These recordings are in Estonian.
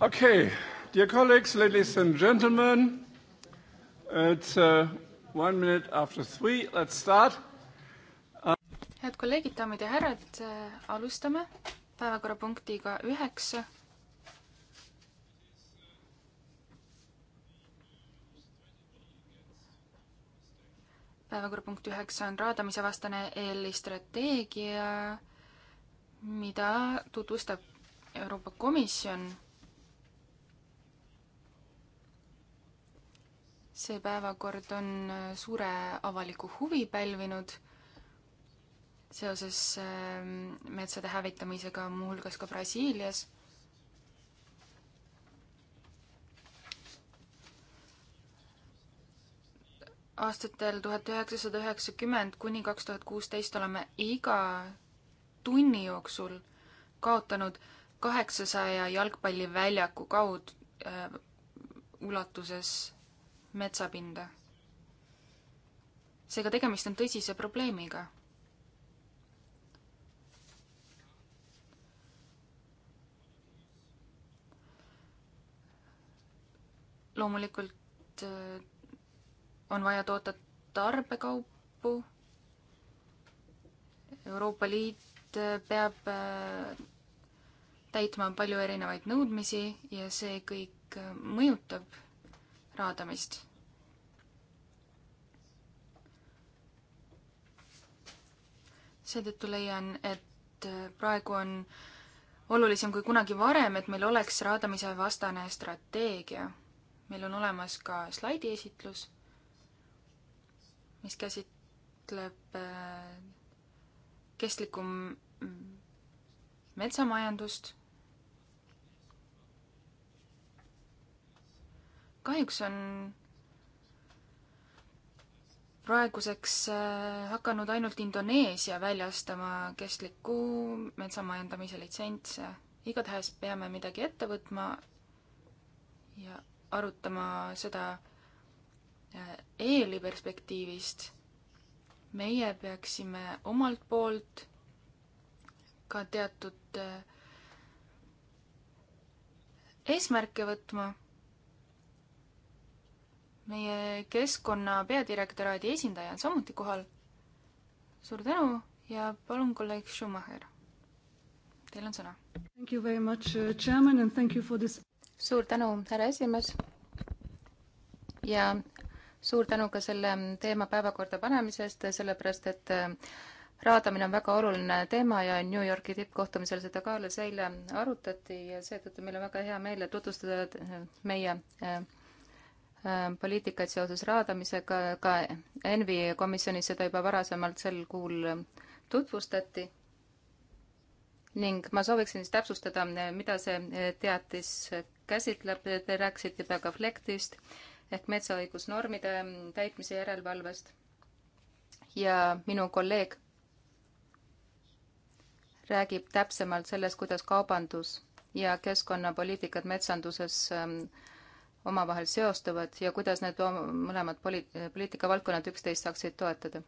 Okay, dear colleagues, ladies and gentlemen, it's uh, one minute after three, let's start uh.... head kolleegid, daamid ja härrad, äh, alustame päevakorrapunktiga üheksa päevakorrapunkt üheksa on raadamise vastane EL-i strateegia, mida tutvustab Euroopa Komisjon see päevakord on äh, suure avaliku huvi pälvinud seoses ähm, metsade hävitamisega, muuhulgas ka Brasiilias aastatel tuhat üheksasada üheksakümmend kuni kaks tuhat kuusteist oleme iga tunni jooksul kaotanud kaheksasaja jalgpalliväljaku kaud- äh, ulatuses metsapinda. seega tegemist on tõsise probleemiga. loomulikult äh, on vaja toota tarbekaupu. Euroopa Liit äh, peab äh, täitma palju erinevaid nõudmisi ja see kõik mõjutab raadamist. seetõttu leian, et praegu on olulisem kui kunagi varem, et meil oleks raadamise vastane strateegia. meil on olemas ka slaidi esitlus, mis käsitleb äh, kestlikum mm, metsamajandust kahjuks on praeguseks äh, hakanud ainult Indoneesia väljastama kestliku metsamajandamise litsentse. igatahes peame midagi ette võtma ja arutama seda äh, eeli perspektiivist. meie peaksime omalt poolt ka teatud äh, eesmärke võtma meie keskkonna peadirektoraadi esindaja on samuti kohal. suur tänu ja palun, kolleeg Schumacher. Teil on sõna. Uh, suur tänu, härra esimees. ja suur tänu ka selle teema päevakorda panemise eest, sellepärast et äh, raadamine on väga oluline teema ja New Yorki tippkohtumisel seda ka alles eile arutati ja seetõttu meil on väga hea meel tutvustada äh, meie äh, Äh, poliitikaid seoses raadamisega, ka ENVI komisjonis seda juba varasemalt sel kuul äh, tutvustati. ning ma sooviksin siis täpsustada, äh, mida see teatis käsitleb, te rääkisite juba ka FLECT-ist ehk metsaõigusnormide täitmise järelevalvest. ja minu kolleeg räägib täpsemalt sellest, kuidas kaubandus ja keskkonnapoliitikad metsanduses ähm, omavahel seostuvad ja kuidas need mõlemad poli-, poliitikavaldkonnad üksteist saaksid toetada.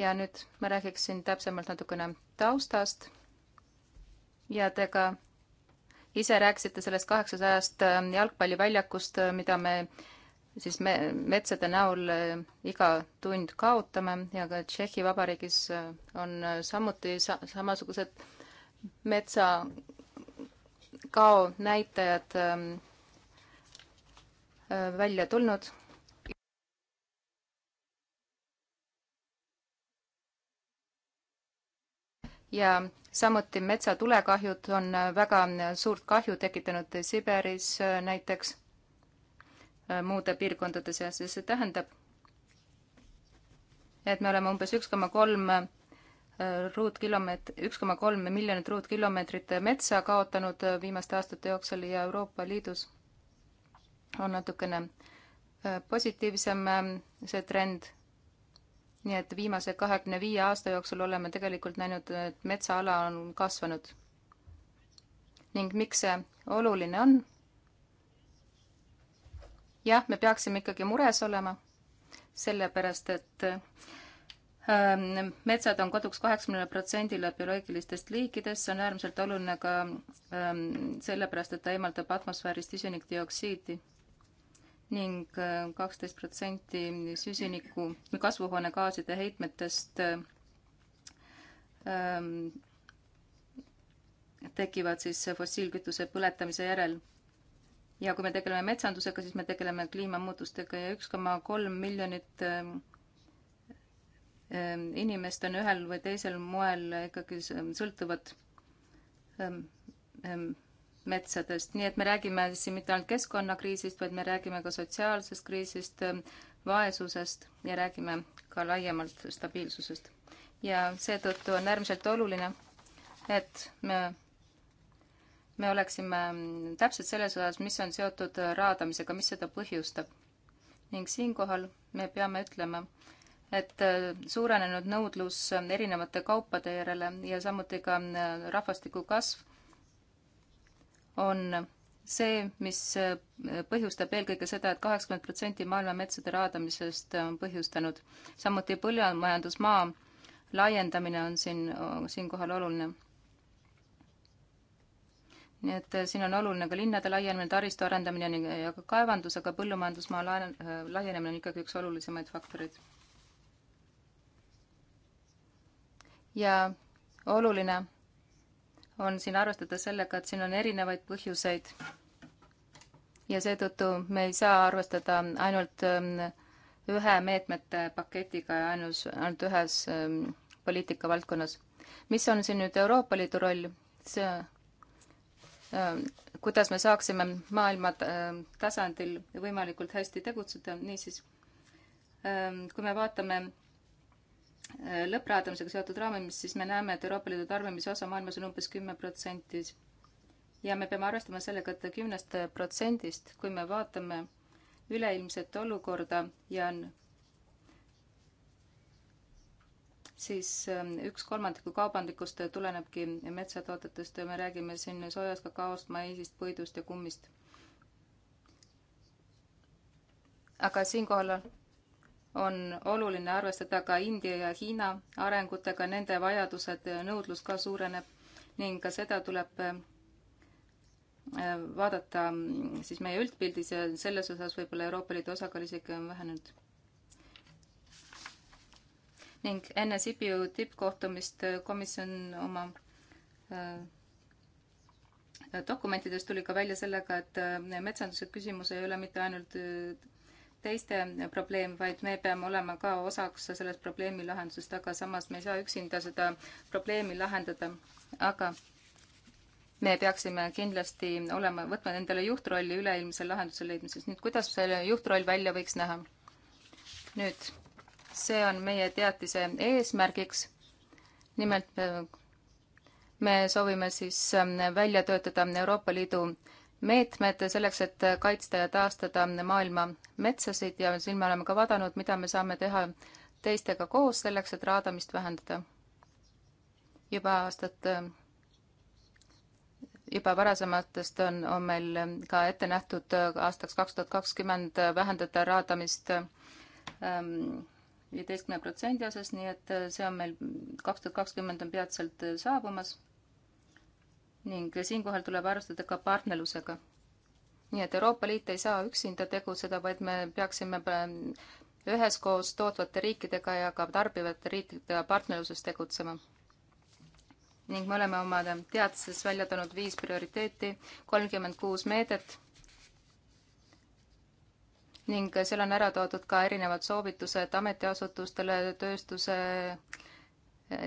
ja nüüd ma räägiksin täpsemalt natukene taustast ja te ka ise rääkisite sellest kaheksasajast ähm, jalgpalliväljakust, äh, mida me siis me metsade näol äh, iga tund kaotame ja ka Tšehhi Vabariigis äh, on samuti sa samasugused metsakao näitajad ähm, Äh, välja tulnud. ja samuti metsatulekahjud on äh, väga äh, suurt kahju tekitanud Siberis näiteks muude piirkondade seas ja see tähendab, et me oleme umbes üks koma kolm ruutkilomeetrit, üks koma kolm miljonit ruutkilomeetrit metsa kaotanud viimaste aastate jooksul ja Euroopa Liidus on natukene äh, positiivsem ähm, see trend. nii et viimase kahekümne viie aasta jooksul oleme tegelikult näinud, et metsaala on kasvanud. ning miks see oluline on? jah, me peaksime ikkagi mures olema, sellepärast et ähm, metsad on koduks kaheksakümnele protsendile bioloogilistest liikidest, see on äärmiselt oluline ka ähm, sellepärast, et ta eemaldab atmosfäärist süsinikdioksiidi ning äh, kaksteist protsenti süsiniku või kasvuhoonegaaside heitmetest ähm, tekivad siis fossiilkütuse põletamise järel. ja kui me tegeleme metsandusega, siis me tegeleme kliimamuutustega ja üks koma kolm miljonit ähm, ähm, inimest on ühel või teisel moel ikkagi sõltuvad ähm, metsadest, nii et me räägime siin mitte ainult keskkonnakriisist, vaid me räägime ka sotsiaalsest kriisist, vaesusest ja räägime ka laiemalt stabiilsusest. ja seetõttu on äärmiselt oluline, et me, me oleksime täpselt selles osas, mis on seotud raadamisega, mis seda põhjustab. ning siinkohal me peame ütlema, et äh, suurenenud nõudlus erinevate kaupade järele ja samuti ka äh, rahvastiku kasv on see, mis põhjustab eelkõige seda et, et kaheksakümmend protsenti maailma metsade raadamisest on põhjustanud. samuti põllumajandusmaa laiendamine on siin, siinkohal oluline. nii et siin on oluline ka linnade laienemine, taristu arendamine ja ka kaevandus, aga põllumajandusmaa laienemine on ikkagi üks olulisemaid faktoreid. ja oluline on siin arvestada sellega, et siin on erinevaid põhjuseid. ja seetõttu me ei saa arvestada ainult ähm, ühe meetmete paketiga ja ainus, ainult ühes ähm, poliitikavaldkonnas. mis on siin nüüd Euroopa Liidu roll, see, ähm, kuidas me saaksime maailma tasandil võimalikult hästi tegutseda, niisiis kui me vaatame lõppraadamisega seotud raamimist, siis me näeme, et Euroopa Liidu tarbimise osa maailmas on umbes kümme protsenti. ja me peame arvestama sellega, et kümnest protsendist, kui me vaatame üleilmset olukorda ja on siis ähm, üks kolmandiku kaubandikust tulenebki metsatoodetest ja me räägime siin soojast, kakaost, maisist, puidust ja kummist. aga siinkohal on on oluline arvestada ka India ja Hiina arengutega, nende vajadused, nõudlus ka suureneb ning ka seda tuleb äh, vaadata mm, siis meie üldpildis ja selles osas võib-olla Euroopa Liidu osakaal isegi on vähenenud. ning enne Sibiu tippkohtumist komisjon oma äh, dokumentides tuli ka välja sellega, et äh, metsanduse küsimus ei ole mitte ainult teiste probleem, vaid me peame olema ka osaks sellest probleemi lahendusest, aga samas me ei saa üksinda seda probleemi lahendada. aga me peaksime kindlasti olema, võtma endale juhtrolli üleilmse lahenduse leidmises. nüüd, kuidas selle juhtroll välja võiks näha? nüüd, see on meie teatise eesmärgiks. nimelt me soovime siis välja töötada Euroopa Liidu meetmed selleks, et kaitsta ja taastada maailma metsasid ja siin me oleme ka vaadanud, mida me saame teha teistega koos selleks, et raadamist vähendada. juba aastat, juba varasematest on, on meil ka ette nähtud aastaks kaks tuhat kakskümmend vähendada raadamist ähm, viieteistkümne protsendi osas, nii et see on meil, kaks tuhat kakskümmend on peatselt saabumas ning siinkohal tuleb arvestada ka partnerlusega. nii et Euroopa Liit ei saa üksinda tegutseda, vaid me peaksime ähm, üheskoos tootvate riikidega ja ka tarbivate riikidega partnerluses tegutsema. ning me oleme oma teadses välja toonud viis prioriteeti, kolmkümmend kuus meedet ning seal on ära toodud ka erinevad soovitused ametiasutustele, tööstuse äh,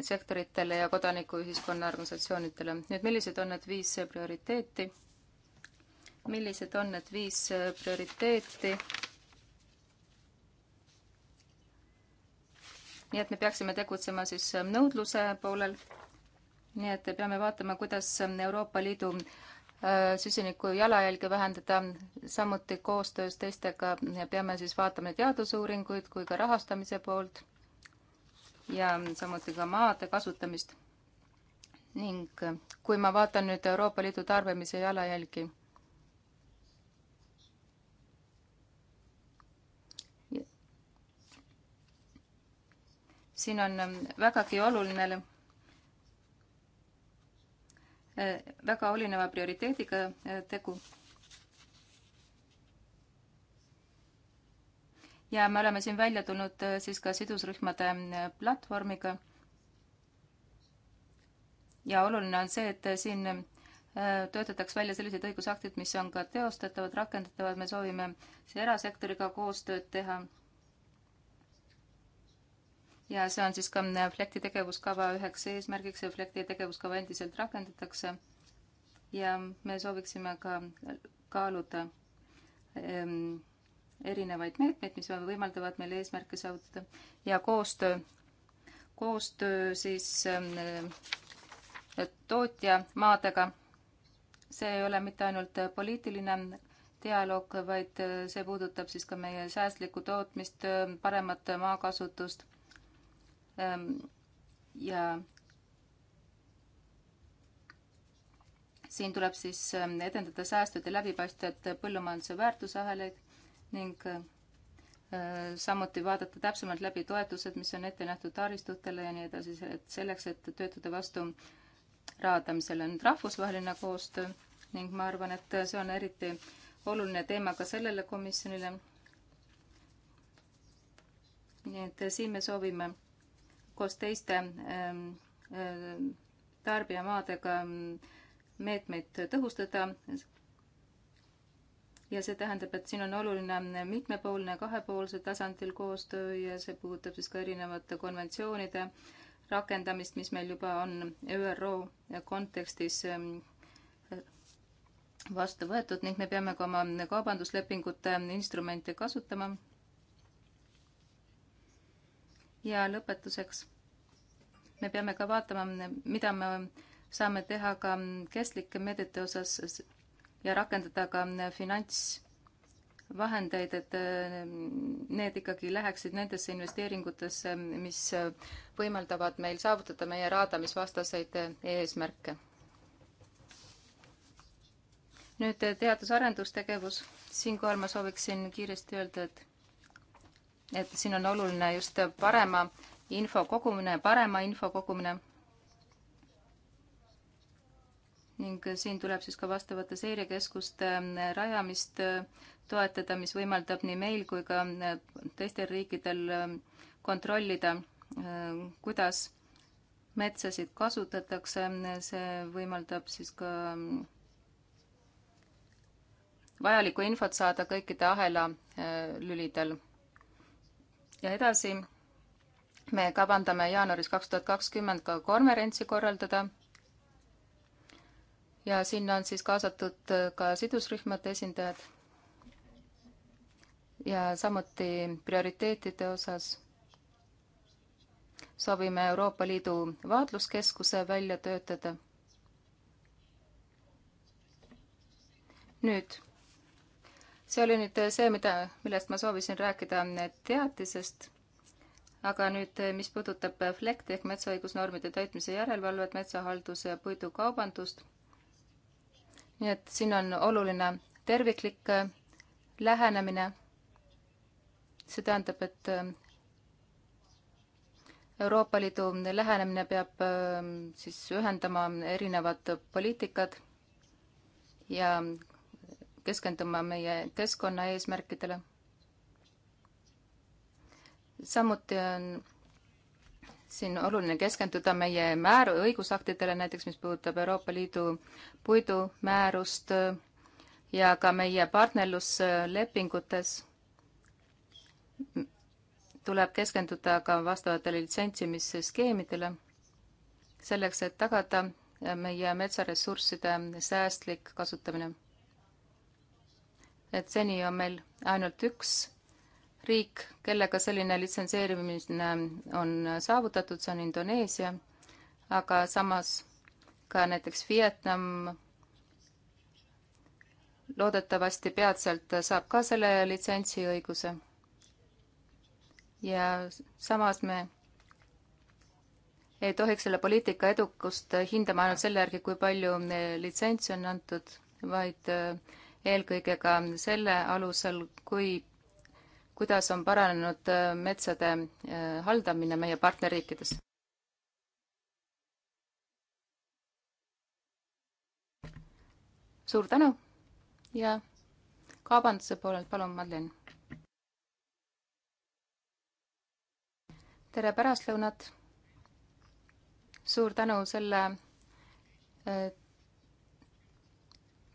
sektoritele ja kodanikuühiskonna organisatsioonidele. nüüd, millised on need viis prioriteeti? millised on need viis prioriteeti? nii et me peaksime tegutsema siis nõudluse poolel. nii et peame vaatama, kuidas Euroopa Liidu äh, süsiniku jalajälge vähendada, samuti koostöös teistega peame siis vaatama teadusuuringuid kui ka rahastamise poolt ja samuti ka maade kasutamist. ning äh, kui ma vaatan nüüd Euroopa Liidu tarbimise jalajälgi, siin on äh, vägagi oluline, äh, väga olineva prioriteediga tegu ja me oleme siin välja tulnud äh, siis ka sidusrühmade äh, platvormiga. ja oluline on see, et äh, siin töötataks välja sellised õigusaktid, mis on ka teostatavad, rakendatavad, me soovime erasektoriga koostööd teha. ja see on siis ka Flekti tegevuskava üheks eesmärgiks ja Flekti tegevuskava endiselt rakendatakse. ja me sooviksime ka kaaluda ähm, erinevaid meetmeid, mis võimaldavad meil eesmärke saavutada ja koostöö, koostöö siis ähm, äh, tootjamaadega, see ei ole mitte ainult äh, poliitiline dialoog, vaid äh, see puudutab siis ka meie säästlikku tootmist, paremat maakasutust ähm, ja siin tuleb siis ähm, edendada säästvaid ja läbipaistvaid põllumajanduse väärtusahelaid ning äh, äh, samuti vaadata täpsemalt läbi toetused, mis on ette nähtud taristutele ja nii edasi, et selleks, et töötada vastu raadamisele. nüüd rahvusvaheline koostöö ning ma arvan, et see on eriti oluline teema ka sellele komisjonile. nii et siin me soovime koos teiste ähm, äh, tarbijamaadega meetmeid tõhustada ja see tähendab, et siin on oluline mitmepoolne kahepoolsel tasandil koostöö ja see puudutab siis ka erinevate konventsioonide rakendamist, mis meil juba on ÜRO kontekstis ähm, vastu võetud ning me peame ka oma kaubanduslepingute instrumente kasutama. ja lõpetuseks me peame ka vaatama, mida me saame teha ka kestlike meetmete osas ja rakendada ka mm, finantsvahendeid, et mm, need ikkagi läheksid nendesse investeeringutesse, mm, mis võimaldavad meil saavutada meie raadamisvastaseid eesmärke. nüüd teadus-arendustegevus, siinkohal ma sooviksin kiiresti öelda, et et siin on oluline just parema info kogumine, parema info kogumine ning siin tuleb siis ka vastavate seirekeskuste ähm, rajamist äh, toetada, mis võimaldab nii meil kui ka äh, teistel riikidel ähm, kontrollida, äh, kuidas metsasid kasutatakse, see võimaldab siis ka ähm, vajalikku infot saada kõikide ahela lülidel. ja edasi me kavandame jaanuaris kaks tuhat kakskümmend ka konverentsi korraldada ja sinna on siis kaasatud äh, ka sidusrühmade esindajad ja samuti prioriteetide osas soovime Euroopa Liidu vaatluskeskuse välja töötada. nüüd, see oli nüüd see, mida, millest ma soovisin rääkida teatisest, aga nüüd, mis puudutab FLECT ehk metsaõigusnormide täitmise järelevalvet, metsahalduse ja puidukaubandust nii et siin on oluline terviklik äh, lähenemine. see tähendab, et äh, Euroopa Liidu lähenemine peab äh, siis ühendama erinevad poliitikad ja keskenduma meie keskkonnaeesmärkidele. samuti on siin oluline keskenduda meie määru-, õigusaktidele, näiteks mis puudutab Euroopa Liidu puidumäärust äh, ja ka meie partnerluslepingutes tuleb keskenduda ka vastavatele litsentsimisskeemidele, selleks et tagada meie metsaressursside säästlik kasutamine. et seni on meil ainult üks riik, kellega selline litsenseerimine on saavutatud, see on Indoneesia, aga samas ka näiteks Vietnam loodetavasti peatselt saab ka selle litsentsiõiguse. ja samas me ei tohiks selle poliitika edukust hindama ainult selle järgi, kui palju litsentsi on antud, vaid äh, eelkõige ka selle alusel, kui kuidas on paranenud äh, metsade äh, haldamine meie partnerriikides? suur tänu ja kaubanduse poolelt palun, Madlen. tere pärastlõunat. suur tänu selle äh,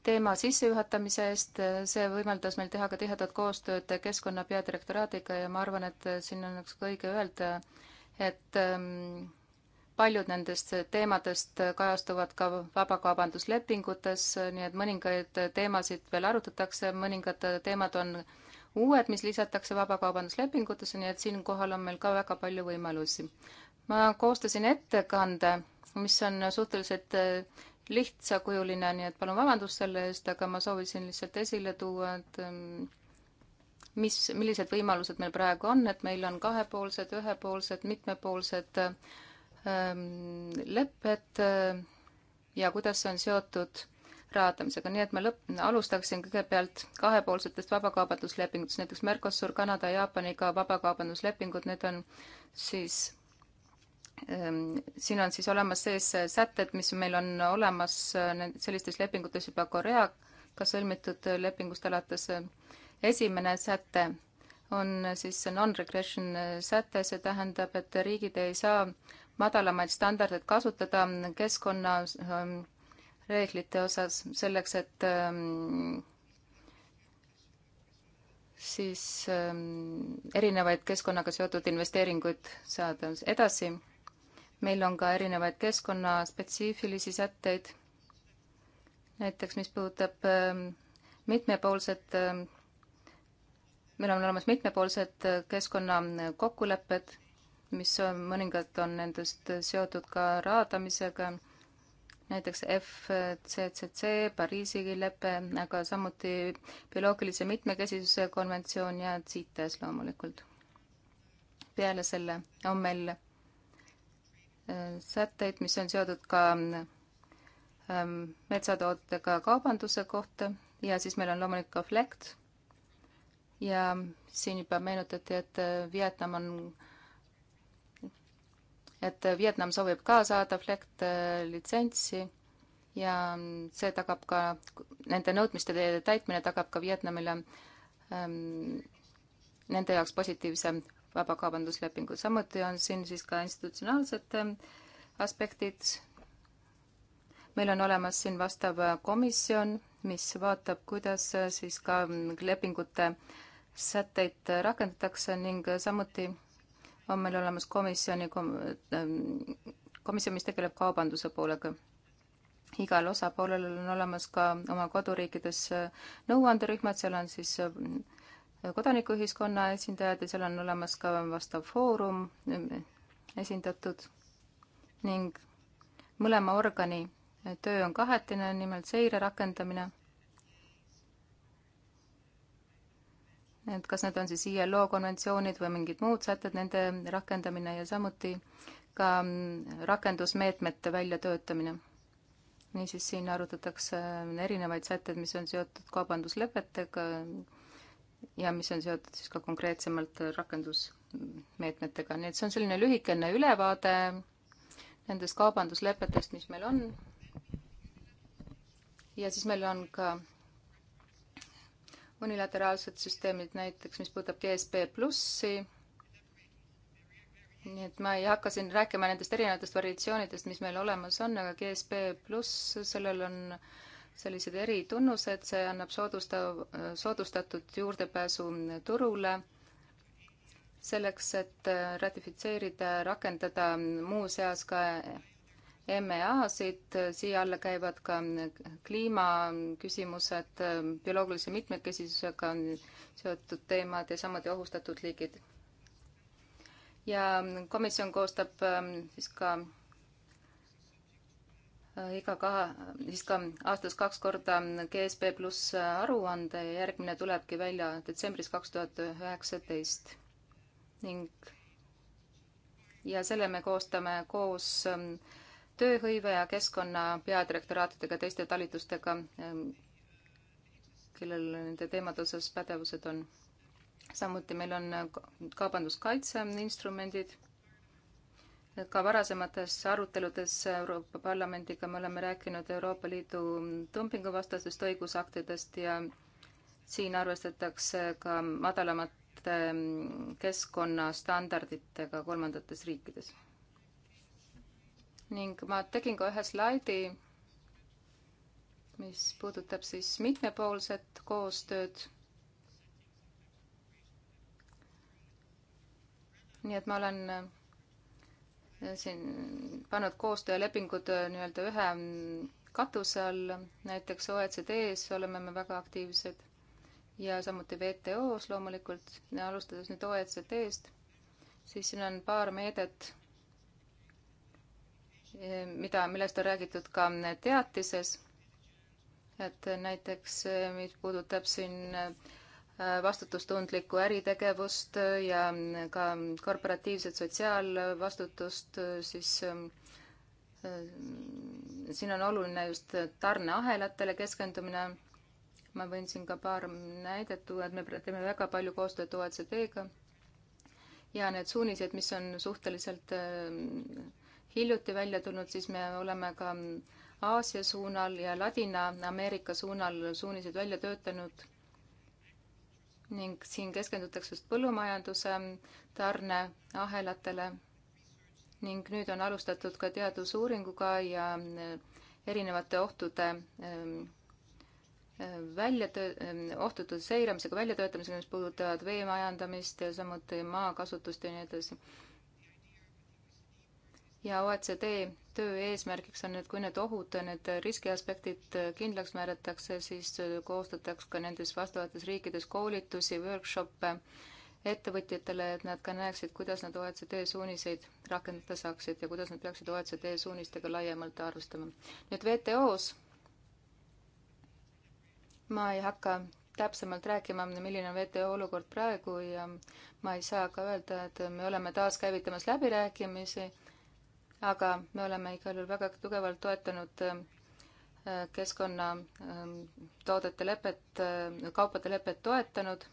teema sissejuhatamise eest, see võimaldas meil teha ka tihedat koostööd Keskkonna peadirektoraadiga ja ma arvan, et siin on üks õige öelda, et ähm, paljud nendest teemadest kajastuvad ka vabakaubanduslepingutes, nii et mõningaid teemasid veel arutatakse, mõningad teemad on uued, mis lisatakse vabakaubanduslepingutesse, nii et siinkohal on meil ka väga palju võimalusi. ma koostasin ettekande, mis on suhteliselt äh, lihtsakujuline, nii et palun vabandust selle eest, aga ma soovisin lihtsalt esile tuua, et ähm, mis, millised võimalused meil praegu on, et meil on kahepoolsed, ühepoolsed, mitmepoolsed ähm, lepped äh, ja kuidas see on seotud raadamisega, nii et ma lõpp, alustaksin kõigepealt kahepoolsetest vabakaubanduslepingutest, näiteks Mercosur, Kanada, Jaapaniga vabakaubanduslepingud, need on siis Ehm, siin on siis olemas sees sätted, mis meil on olemas eh, sellistes lepingutes juba Koreaga sõlmitud eh, lepingust alates. Eh, esimene säte on siis non-regression säte, see tähendab, et riigid ei saa madalamaid standardeid kasutada keskkonnareeglite ehm, osas selleks, et ehm, siis erinevaid keskkonnaga seotud investeeringuid saada. edasi meil on ka erinevaid keskkonnaspetsiifilisi sätteid, näiteks mis puudutab ähm, mitmepoolset, ähm, meil on olemas mitmepoolsed äh, keskkonnakokkulepped, äh, mis on, mõningad on nendest seotud ka raadamisega, näiteks FCCC, Pariisi lepe, aga samuti bioloogilise mitmekesisuse konventsioon ja CITES loomulikult. peale selle on meil sätteid, mis on seotud ka ähm, metsatootega kaubanduse kohta ja siis meil on loomulikult ka FLECT. ja siin juba meenutati, et äh, Vietnam on, et äh, Vietnam soovib ka saada FLECT äh, litsentsi ja ähm, see tagab ka, nende nõudmiste täitmine tagab ka Vietnamile ähm, nende jaoks positiivse vabakaubanduslepingud. samuti on siin siis ka institutsionaalsed ähm, aspektid. meil on olemas siin vastav äh, komisjon, mis vaatab, kuidas äh, siis ka mm, lepingute sätteid äh, rakendatakse ning samuti on meil olemas komisjoni kom-, ähm, komisjon, mis tegeleb kaubanduse poolega. igal osapoolel on olemas ka oma koduriikides nõuanderühmad, seal on siis kodanikuühiskonna esindajad ja seal on olemas ka vastav foorum esindatud ning mõlema organi töö on kahetine, nimelt seire rakendamine. et kas need on siis ILO konventsioonid või mingid muud sätted, nende rakendamine ja samuti ka rakendusmeetmete väljatöötamine. niisiis siin arutatakse erinevaid sätteid, mis on seotud kaubanduslepetega ka ja mis on seotud siis ka konkreetsemalt rakendusmeetmetega, nii et see on selline lühikene ülevaade nendest kaubanduslepetest, mis meil on. ja siis meil on ka unilateraalsed süsteemid, näiteks mis puudutab GSP plussi. nii et ma ei hakka siin rääkima nendest erinevatest variatsioonidest, mis meil olemas on, aga GSP pluss, sellel on äh, sellised eritunnused, see annab soodustav, soodustatud juurdepääsu turule selleks, et ratifitseerida, rakendada muuseas ka MEA-sid, siia alla käivad ka kliimaküsimused, bioloogilise mitmekesisusega seotud teemad ja samuti ohustatud liigid. ja komisjon koostab ähm, siis ka Äh, iga kahe, siis ka aastas kaks korda GSB pluss aruande ja järgmine tulebki välja detsembris kaks tuhat üheksateist. ning ja selle me koostame koos ähm, tööhõive ja keskkonna peadirektoraatidega, teiste talitustega, ähm, kellel nende teemade osas pädevused on. samuti meil on kaubanduskaitse instrumendid ka varasemates aruteludes Euroopa Parlamendiga me oleme rääkinud Euroopa Liidu dumpinguvastastest õigusaktidest ja siin arvestatakse ka madalamate keskkonnastandarditega kolmandates riikides. ning ma tegin ka ühe slaidi, mis puudutab siis mitmepoolset koostööd nii et ma olen siin pannud koostöölepingud äh, nii-öelda ühe mm, katuse all, näiteks OECD-s oleme me väga aktiivsed ja samuti WTO-s loomulikult, alustades nüüd OECD-st, siis siin on paar meedet, äh, mida, millest on räägitud ka äh, teatises, et näiteks mis puudutab siin äh, Äh, vastutustundlikku äritegevust äh, ja ka korporatiivset sotsiaalvastutust, äh, siis ähm, siin on oluline just tarneahelatele keskendumine. ma võin siin ka paar näidet tuua, et me teeme väga palju koostööd OECD-ga ja need suunised, mis on suhteliselt hiljuti välja tulnud, siis me oleme ka Aasia suunal ja Ladina-Ameerika suunal suunised välja töötanud ning siin keskendutakse just põllumajanduse tarneahelatele ning nüüd on alustatud ka teadusuuringuga ja äh, erinevate ohtude ähm, äh, välja töö-, ähm, ohtude seiramisega, väljatöötamisega, mis puudutavad veemajandamist ja samuti maakasutust ja nii edasi ja OECD töö eesmärgiks on, et kui need ohud, need riskiaspektid kindlaks määratakse, siis koostatakse ka nendes vastavates riikides koolitusi, workshop'e ettevõtjatele, et nad ka näeksid, kuidas nad OECD suuniseid rakendada saaksid ja kuidas nad peaksid OECD suunistega laiemalt arvestama. nüüd WTO-s ma ei hakka täpsemalt rääkima, milline on WTO olukord praegu ja ma ei saa ka öelda, et me oleme taaskäivitamas läbirääkimisi aga me oleme igal juhul väga tugevalt toetanud äh, keskkonnatoodete ähm, lepet, äh, kaupade lepet toetanud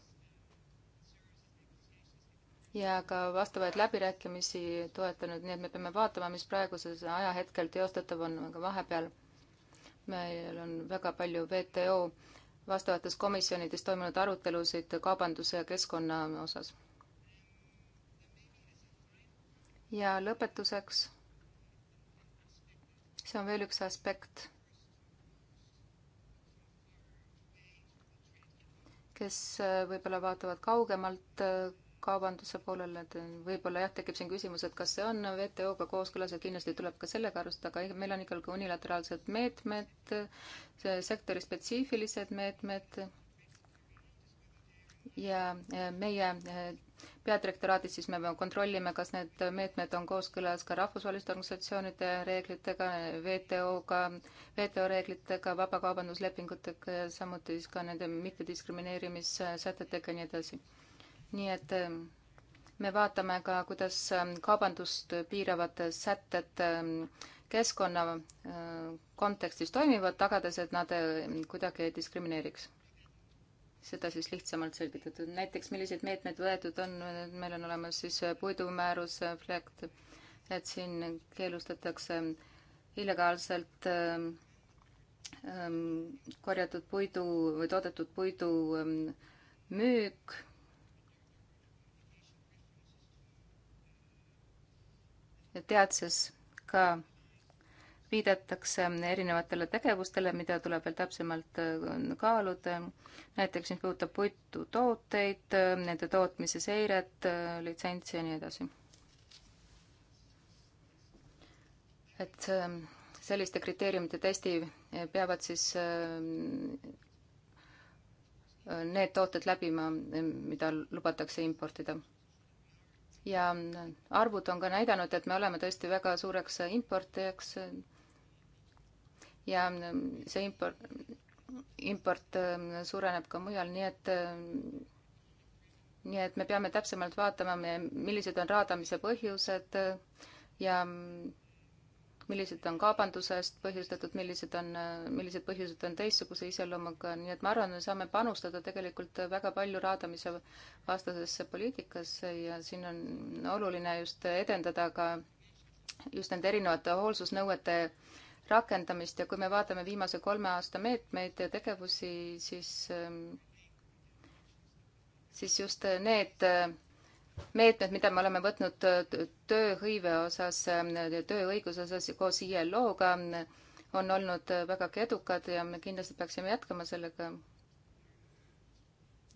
ja ka vastavaid läbirääkimisi toetanud, nii et me peame vaatama, mis praegusel ajahetkel teostatav on, aga vahepeal meil on väga palju WTO vastavates komisjonides toimunud arutelusid kaubanduse ja keskkonna osas. ja lõpetuseks see on veel üks aspekt, kes äh, võib-olla vaatavad kaugemalt äh, kaubanduse poolele, et äh, võib-olla jah, tekib siin küsimus, et kas see on WTO-ga kooskõlas ja kindlasti tuleb ka sellega arvestada, aga meil on ikkagi unilateraalsed meetmed, sektori spetsiifilised meetmed ja meie peadirektoraadis, siis me kontrollime, kas need meetmed on kooskõlas ka rahvusvaheliste organisatsioonide reeglitega, WTO-ga, WTO reeglitega, vabakaubanduslepingutega ja samuti siis ka nende mittediskrimineerimissätetega ja nii edasi. nii et eh, me vaatame ka, kuidas eh, kaubandust piiravad sätted eh, keskkonna kontekstis toimivad, tagades, et nad kuidagi ei diskrimineeriks seda siis lihtsamalt selgitatud. näiteks millised meetmed võetud on, meil on olemas siis äh, puidumäärus, äh, et siin keelustatakse äh, illegaalselt ähm, ähm, korjatud puidu või toodetud puidu ähm, müük. teadses ka viidatakse erinevatele tegevustele, mida tuleb veel täpsemalt äh, kaaluda, näiteks mis puudutab puitutooteid, äh, nende tootmise seiret, äh, litsentsi ja nii edasi. et ähm, selliste kriteeriumite testi peavad siis need tooted läbima, mida lubatakse importida ja arvud on ka näidanud, et me oleme tõesti väga suureks importijaks ja mm, see import, import mm, suureneb ka mujal, nii et mm, nii et me peame täpsemalt vaatama, millised on raadamise põhjused ja millised on kaubandusest põhjustatud, millised on, millised põhjused on teistsuguse iseloomuga, nii et ma arvan, me saame panustada tegelikult väga palju raadamise vastasesse poliitikasse ja siin on oluline just edendada ka just nende erinevate hoolsusnõuete äh, rakendamist ja kui me vaatame viimase kolme aasta meetmeid ja tegevusi, siis, ähm, siis just äh, need äh, meetmed, mida me oleme võtnud äh, tööhõive osas, ähm, tööõiguse osas koos ILO-ga, on olnud vägagi edukad ja me kindlasti peaksime jätkama sellega.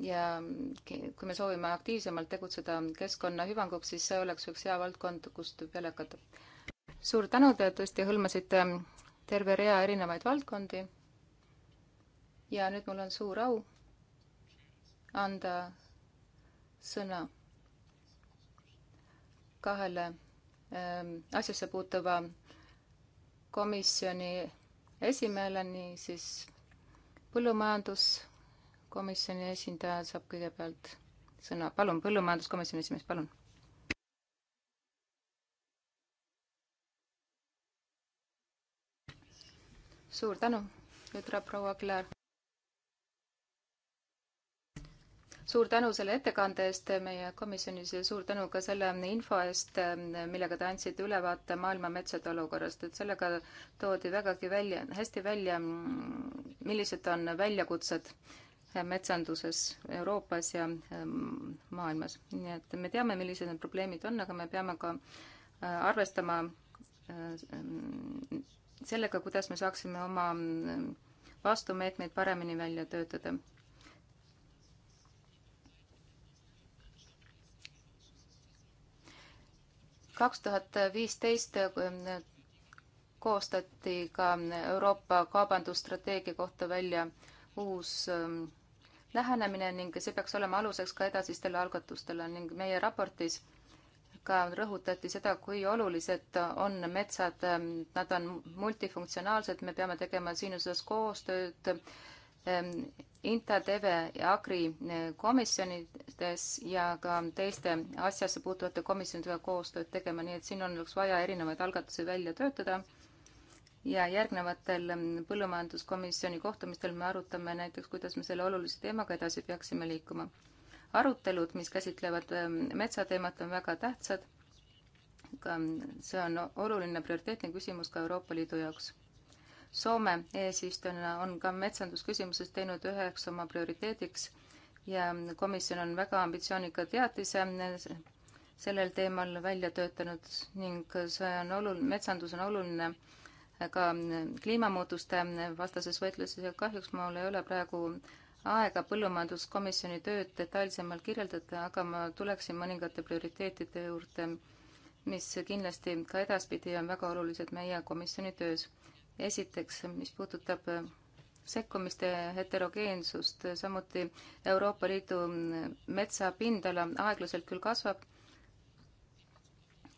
ja ähm, kui me soovime aktiivsemalt tegutseda keskkonna hüvanguks, siis see oleks üks hea valdkond, kust peale hakata suur tänu, te tõesti hõlmasite terve rea erinevaid valdkondi. ja nüüd mul on suur au anda sõna kahele ähm, asjasse puutuva komisjoni esimehele, niisiis põllumajanduskomisjoni esindaja saab kõigepealt sõna. palun, põllumajanduskomisjoni esimees, palun suur tänu, ütleb proua Aguilar. suur tänu selle ettekande eest meie komisjonis ja suur tänu ka selle info eest, millega te andsite ülevaate maailma metsade olukorrast, et sellega toodi vägagi välja, hästi välja, millised on väljakutsed metsanduses Euroopas ja ähm, maailmas. nii et me teame, millised need probleemid on, aga me peame ka äh, arvestama äh, sellega, kuidas me saaksime oma mm, vastumeetmeid paremini välja töötada. kaks tuhat viisteist mm, koostati ka Euroopa kaubandusstrateegia kohta välja uus mm, lähenemine ning see peaks olema aluseks ka edasistele algatustele ning meie raportis ka rõhutati seda, kui olulised on metsad, nad on multifunktsionaalsed, me peame tegema siin osas koostööd ehm, Inta, Teve ja Agri eh, komisjonides ja ka teiste asjasse puutuvate komisjonidega koostööd tegema, nii et siin on üks vaja erinevaid algatusi välja töötada. ja järgnevatel ehm, põllumajanduskomisjoni kohtumistel me arutame näiteks, kuidas me selle olulise teemaga edasi peaksime liikuma arutelud, mis käsitlevad ähm, metsateemat, on väga tähtsad. ka ähm, see on oluline prioriteetne küsimus ka Euroopa Liidu jaoks. Soome eesistujana on ka metsandusküsimuses teinud üheks oma prioriteediks ja komisjon on väga ambitsioonika teatise äh, sellel teemal välja töötanud ning see on oluline, metsandus on oluline ka äh, kliimamuutuste äh, vastases võitluses ja kahjuks mul ei ole praegu aega põllumajanduskomisjoni tööd detailsemalt kirjeldada, aga ma tuleksin mõningate prioriteetide juurde, mis kindlasti ka edaspidi on väga olulised meie komisjoni töös. esiteks, mis puudutab äh, sekkumiste heterogeensust, samuti Euroopa Liidu äh, metsapindala aeglaselt küll kasvab,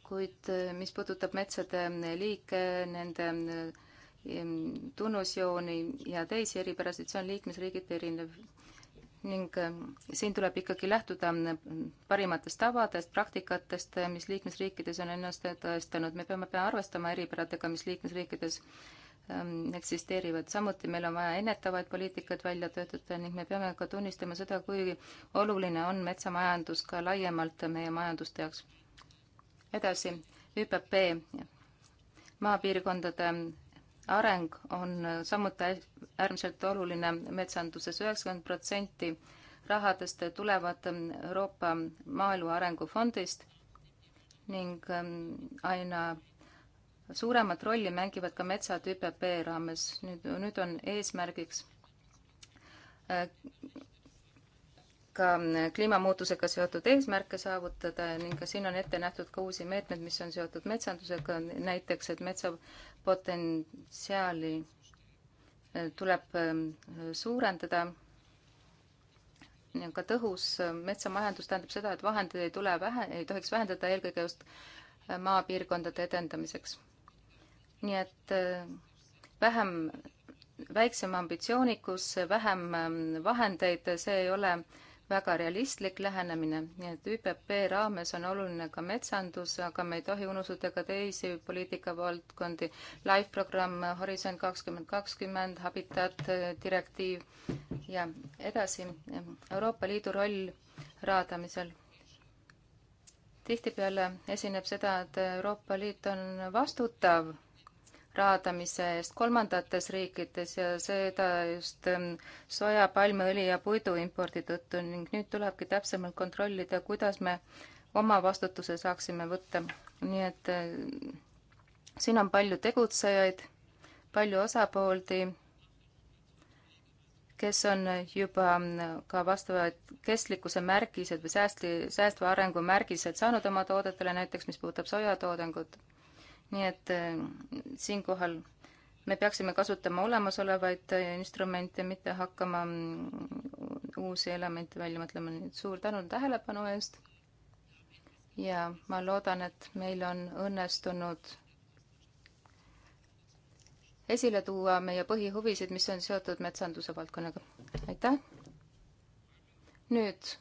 kuid äh, mis puudutab metsade liike, nende tunnusjooni ja teisi eripärasid, see on liikmesriigiti erinev. ning siin tuleb ikkagi lähtuda parimatest tavadest, praktikatest, eh, mis liikmesriikides on ennast tõestanud. me peame, peame arvestama eripäradega, mis liikmesriikides eksisteerivad. samuti meil on vaja ennetavaid poliitikaid välja töötada ning me peame ka tunnistama seda, kui oluline on metsamajandus ka laiemalt meie majanduste jaoks. edasi, ÜPP, maapiirkondade areng on samuti äärmiselt oluline metsanduses. üheksakümmend protsenti rahadest tulevad Euroopa Maaelu Arengufondist ning ähm, aina suuremat rolli mängivad ka metsad ÜPP raames. nüüd, nüüd on eesmärgiks äh, ka kliimamuutusega seotud eesmärke saavutada ning ka siin on ette nähtud ka uusi meetmeid, mis on seotud metsandusega, näiteks et metsa potentsiaali eh, tuleb eh, suurendada. ka tõhus eh, metsamajandus tähendab seda, et vahendeid ei tule vähe, ei tohiks vähendada eelkõige just maapiirkondade edendamiseks. nii et vähem, väiksem ambitsioonikus, vähem vahendeid, see ei ole äh, väga realistlik lähenemine, nii et ÜPP raames on oluline ka metsandus, aga me ei tohi unustada ka teisi poliitikavaldkondi, live programm Horisont kakskümmend kakskümmend, Habitat direktiiv ja edasi Euroopa Liidu roll raadamisel. tihtipeale esineb seda, et Euroopa Liit on vastutav raadamise eest kolmandates riikides ja seda just ähm, soja, palmiõli ja puidu impordi tõttu ning nüüd tulebki täpsemalt kontrollida, kuidas me oma vastutuse saaksime võtta. nii et äh, siin on palju tegutsejaid, palju osapooldi, kes on juba ähm, ka vastavad kestlikkuse märgised või säästli, säästva arengu märgised saanud oma toodetele, näiteks mis puudutab sojatoodangut nii et äh, siinkohal me peaksime kasutama olemasolevaid äh, instrumente, mitte hakkama mm, uusi elemente välja mõtlema, nii et suur tänu tähelepanu eest. ja ma loodan, et meil on õnnestunud esile tuua meie põhihuvisid, mis on seotud metsanduse valdkonnaga. aitäh. nüüd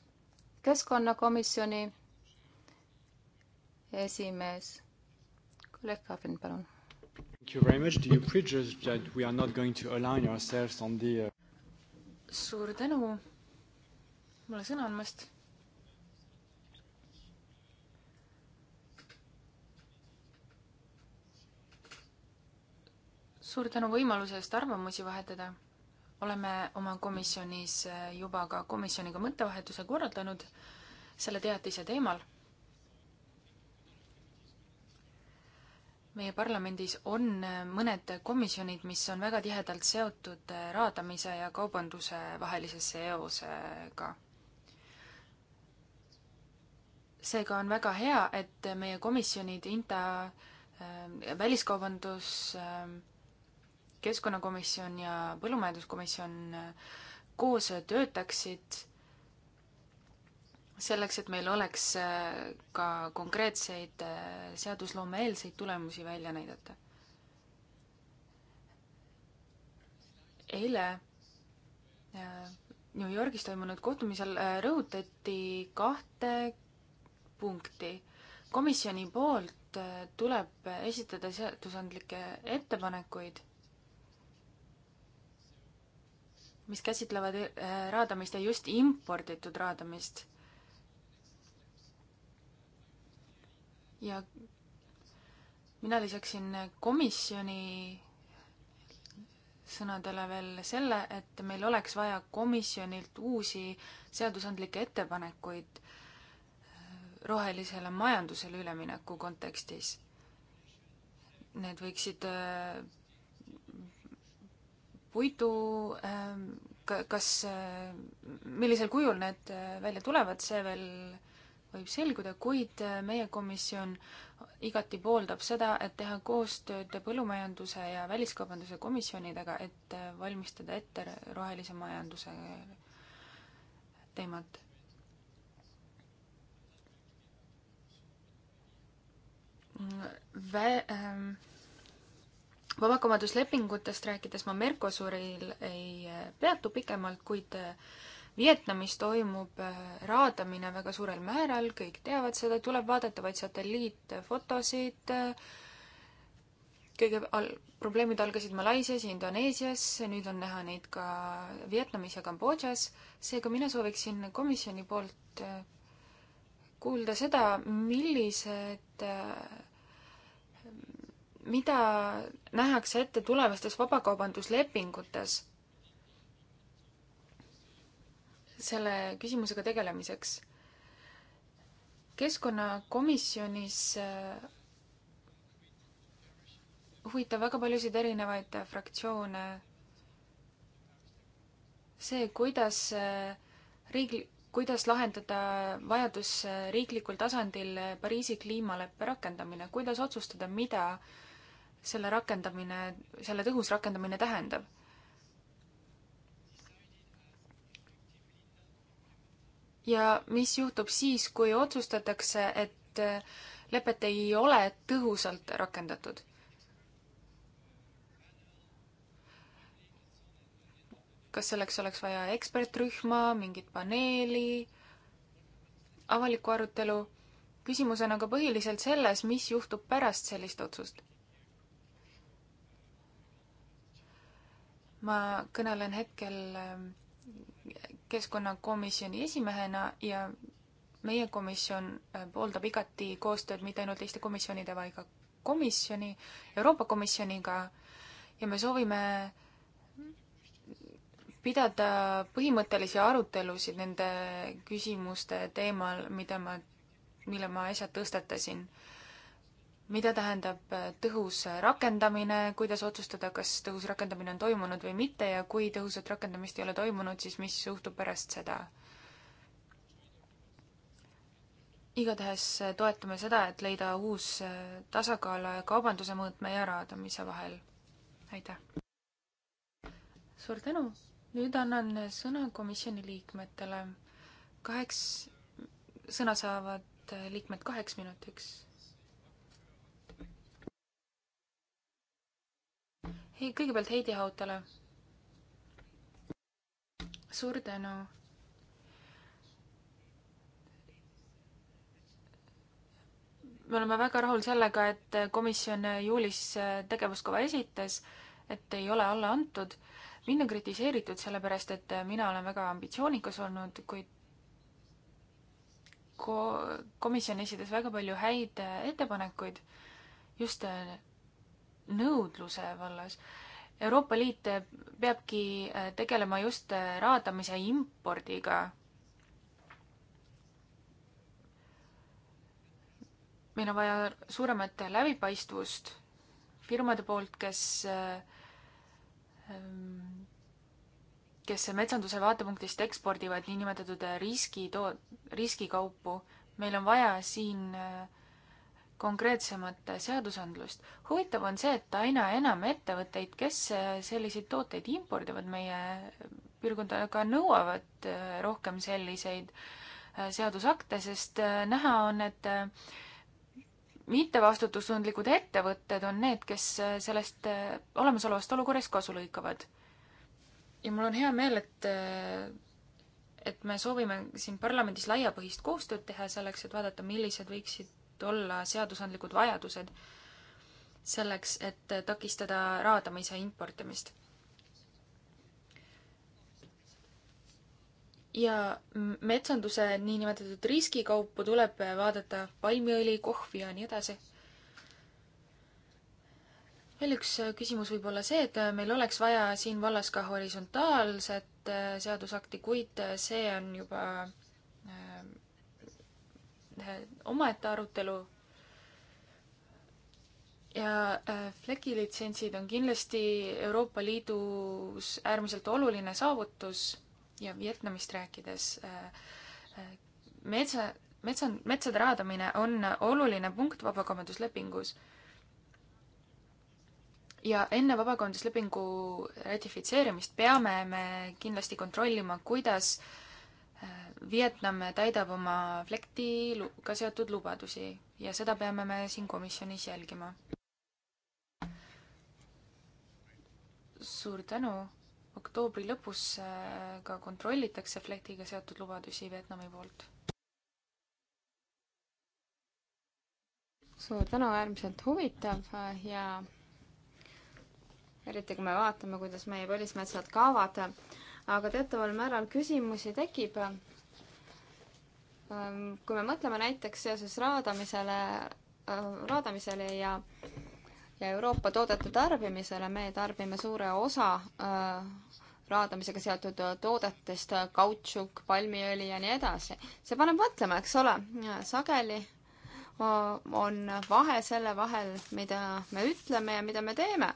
keskkonnakomisjoni esimees kolleeg Kavin, palun. Thank you very much. Do you prejudge that we are not going to align ourselves on the uh, suur tänu mulle sõna andmast. suur tänu võimaluse eest arvamusi vahetada. oleme oma komisjonis äh, juba ka komisjoniga mõttevahetuse korraldanud selle teatise teemal meie parlamendis on äh, mõned komisjonid, mis on väga tihedalt seotud äh, raadamise ja kaubanduse vahelise seosega. seega on väga hea, et meie komisjonid INTA äh, väliskaubandus, keskkonnakomisjon ja põllumajanduskomisjon koos töötaksid selleks, et meil oleks äh, ka konkreetseid äh, seadusloome-eelseid tulemusi välja näidata. eile äh, New Yorgis toimunud kohtumisel rõhutati kahte punkti. komisjoni poolt tuleb esitada seadusandlikke ettepanekuid, mis käsitlevad raadamist ja just imporditud raadamist ja mina lisaksin komisjoni sõnadele veel selle, et meil oleks vaja komisjonilt uusi seadusandlikke ettepanekuid äh, rohelisele majandusele ülemineku kontekstis. Need võiksid äh, puidu, äh, kas, millisel kujul need välja tulevad, see veel võib selguda, kuid äh, meie komisjon igati pooldab seda, et teha koostööd põllumajanduse ja väliskaubanduse komisjonidega, et äh, valmistada ette rohelise majanduse äh, teemat. Vä- ähm,, vabakaubanduslepingutest rääkides ma Mercosuril ei peatu pikemalt, kuid äh, Vietnamis toimub äh, raadamine väga suurel määral, kõik teavad seda, tuleb vaadata vaid satelliitfotosid. Äh, kõige al-, probleemid algasid Malaisias ja Indoneesias, nüüd on näha neid ka Vietnamis ja Kambodžas. seega mina sooviksin komisjoni poolt äh, kuulda seda, millised mida nähakse ette tulevastes vabakaubanduslepingutes selle küsimusega tegelemiseks. keskkonnakomisjonis äh, huvitab väga paljusid erinevaid äh, fraktsioone see, kuidas äh, riigi, kuidas lahendada vajadus riiklikul tasandil Pariisi kliimaleppe rakendamine, kuidas otsustada, mida selle rakendamine, selle tõhus rakendamine tähendab ja mis juhtub siis, kui otsustatakse, et äh, lepet ei ole tõhusalt rakendatud? kas selleks oleks vaja ekspertrühma, mingit paneeli, avalikku arutelu? küsimus on aga põhiliselt selles, mis juhtub pärast sellist otsust ma kõnelen hetkel ähm, keskkonnakomisjoni esimehena ja meie komisjon äh, pooldab igati koostööd mitte ainult teiste komisjonide, vaid ka komisjoni, Euroopa Komisjoniga ja me soovime pidada põhimõttelisi arutelusid nende küsimuste teemal, mida ma, mille ma äsja tõstatasin mida tähendab äh, tõhus rakendamine, kuidas otsustada, kas tõhus rakendamine on toimunud või mitte ja kui tõhusat rakendamist ei ole toimunud, siis mis juhtub pärast seda? igatahes äh, toetame seda, et leida uus äh, tasakaal kaubanduse mõõtme ja raadamise vahel. aitäh! suur tänu! nüüd annan sõna komisjoni liikmetele. kaheks, sõna saavad liikmed kaheks minutiks ei, kõigepealt Heidi Hautale. suur tänu. me oleme väga rahul sellega, et komisjon juulis tegevuskava esitas, et ei ole alla antud. mind on kritiseeritud sellepärast, et mina olen väga ambitsioonikas olnud, kuid ko-, komisjon esitas väga palju häid ettepanekuid just nõudluse vallas. Euroopa Liit peabki äh, tegelema just äh, raadamise impordiga. meil on vaja suuremat läbipaistvust firmade poolt, kes, äh, ähm, kes metsanduse vaatepunktist ekspordivad niinimetatud riskitoo-, riskikaupu. meil on vaja siin äh, konkreetsemat seadusandlust. huvitav on see, et aina enam ettevõtteid, kes selliseid tooteid impordivad meie piirkonda, ka nõuavad äh, rohkem selliseid äh, seadusakte, sest äh, näha on, et mittevastutustundlikud ettevõtted on need, kes sellest olemasolevast olukorrast kasu lõikavad. ja mul on hea meel, et et me soovime siin parlamendis laiapõhist koostööd teha selleks, et vaadata, millised võiksid olla seadusandlikud vajadused selleks, et takistada raadamise importimist. ja metsanduse niinimetatud riskikaupu tuleb vaadata palmiõli, kohvi ja nii edasi. veel üks küsimus võib olla see, et meil oleks vaja siin vallas ka horisontaalset seadusakti, kuid see on juba omaette arutelu. ja äh, Flecki litsentsid on kindlasti Euroopa Liidus äärmiselt oluline saavutus ja Vietnamist rääkides äh, äh, metsa, metsa, metsade raadamine on oluline punkt vabakaubanduslepingus. ja enne vabakaubanduslepingu ratifitseerimist peame me kindlasti kontrollima, kuidas äh, Vietnam täidab oma flektiga seotud lubadusi ja seda peame me siin komisjonis jälgima. suur tänu. oktoobri lõpus äh, ka kontrollitakse flektiga seotud lubadusi Vietnami poolt. suur tänu, äärmiselt huvitav äh, ja eriti kui me vaatame, kuidas meie põlismetsad kaovad, aga teataval määral küsimusi tekib Ähm, kui me mõtleme näiteks seoses raadamisele, äh, raadamisele ja, ja Euroopa toodete tarbimisele, me tarbime suure osa äh, raadamisega seotud toodetest, kautšuk, palmiõli ja nii edasi. see paneb mõtlema, eks ole, sageli äh, on vahe selle vahel, mida me ütleme ja mida me teeme.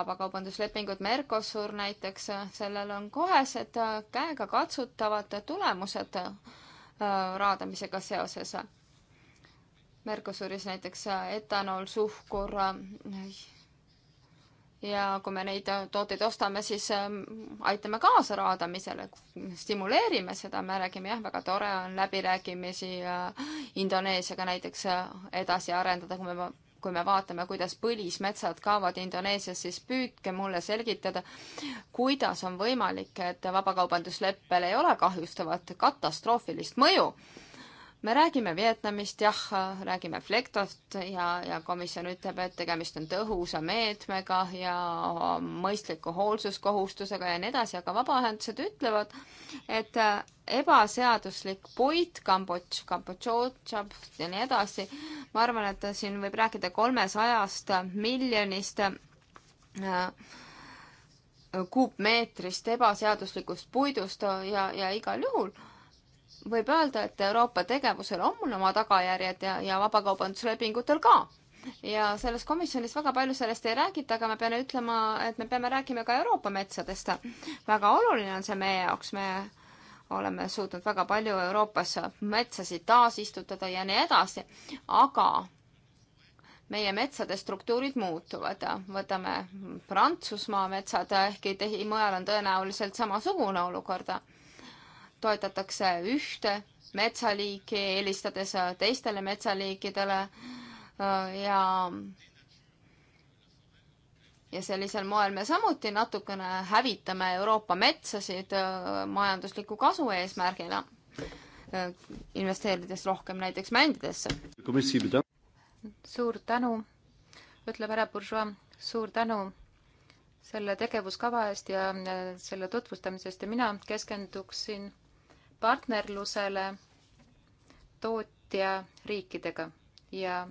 vabakaubanduslepingud Mercosur näiteks, sellel on kohesed käegakatsutavad tulemused Äh, raadamisega seoses. Mercosuris näiteks äh, etanool, suhkur äh, ja kui me neid tooteid ostame, siis ähm, aitame kaasa raadamisele, stimuleerime seda, me räägime jah, väga tore on läbirääkimisi Indoneesiaga näiteks edasi arendada, kui me kui me vaatame, kuidas põlismetsad kaovad Indoneesias, siis püüdke mulle selgitada, kuidas on võimalik, et vabakaubandusleppel ei ole kahjustavat katastroofilist mõju me räägime Vietnamist, jah, räägime Flektost ja, ja komisjon ütleb, et tegemist on tõhusa meetmega ja mõistliku hoolsuskohustusega ja nii edasi, aga vabaühendused ütlevad, et ebaseaduslik puit, kambotš, kambotšotšab ja nii edasi, ma arvan, et siin võib rääkida kolmesajast miljonist äh, kuupmeetrist ebaseaduslikust puidust ja, ja igal juhul äh, võib öelda, et Euroopa tegevusel on oma tagajärjed ja, ja vabakaubanduslepingutel ka. ja selles komisjonis väga palju sellest ei räägita, aga ma pean ütlema, et me peame rääkima ka Euroopa metsadest. väga oluline on see meie jaoks, me oleme suutnud väga palju Euroopas metsasid taasistutada ja nii edasi, aga meie metsade struktuurid muutuvad. võtame Prantsusmaa metsad, ehkki mujal on tõenäoliselt samasugune olukord toetatakse ühte metsaliiki, eelistades teistele metsaliikidele äh, ja ja sellisel moel me samuti natukene hävitame Euroopa metsasid äh, majandusliku kasu eesmärgina, äh, investeerides rohkem näiteks mändidesse. suur tänu, ütleb härra Bourgeois, suur tänu selle tegevuskava eest ja selle tutvustamisest ja mina keskenduksin partnerlusele tootja riikidega ja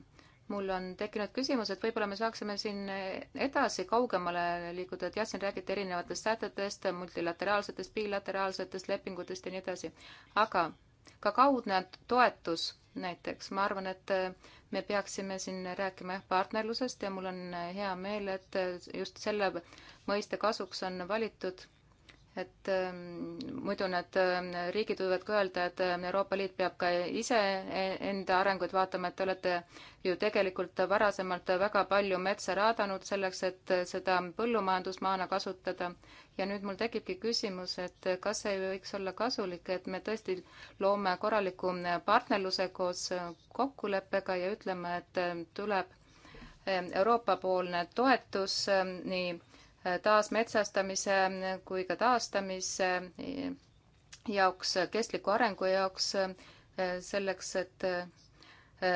mul on tekkinud küsimus, et võib-olla me saaksime siin edasi kaugemale liikuda, et jah, siin räägiti erinevatest sätetest, multilateraalsetest, bilateraalsetest lepingutest ja nii edasi, aga ka kaudne toetus näiteks, ma arvan, et me peaksime siin rääkima jah, partnerlusest ja mul on hea meel, et just selle mõiste kasuks on valitud et ähm, muidu need ähm, riigid võivad ka öelda, et ähm, Euroopa Liit peab ka ise e-, enda arenguid vaatama, et te olete ju tegelikult varasemalt väga palju metsa raadanud selleks, et seda põllumajandusmaana kasutada. ja nüüd mul tekibki küsimus, et kas ei võiks olla kasulik, et me tõesti loome korraliku partnerluse koos kokkuleppega ja ütleme, et tuleb Euroopa-poolne toetus nii taasmetsastamise kui ka taastamise jaoks, kestliku arengu jaoks, selleks, et äh,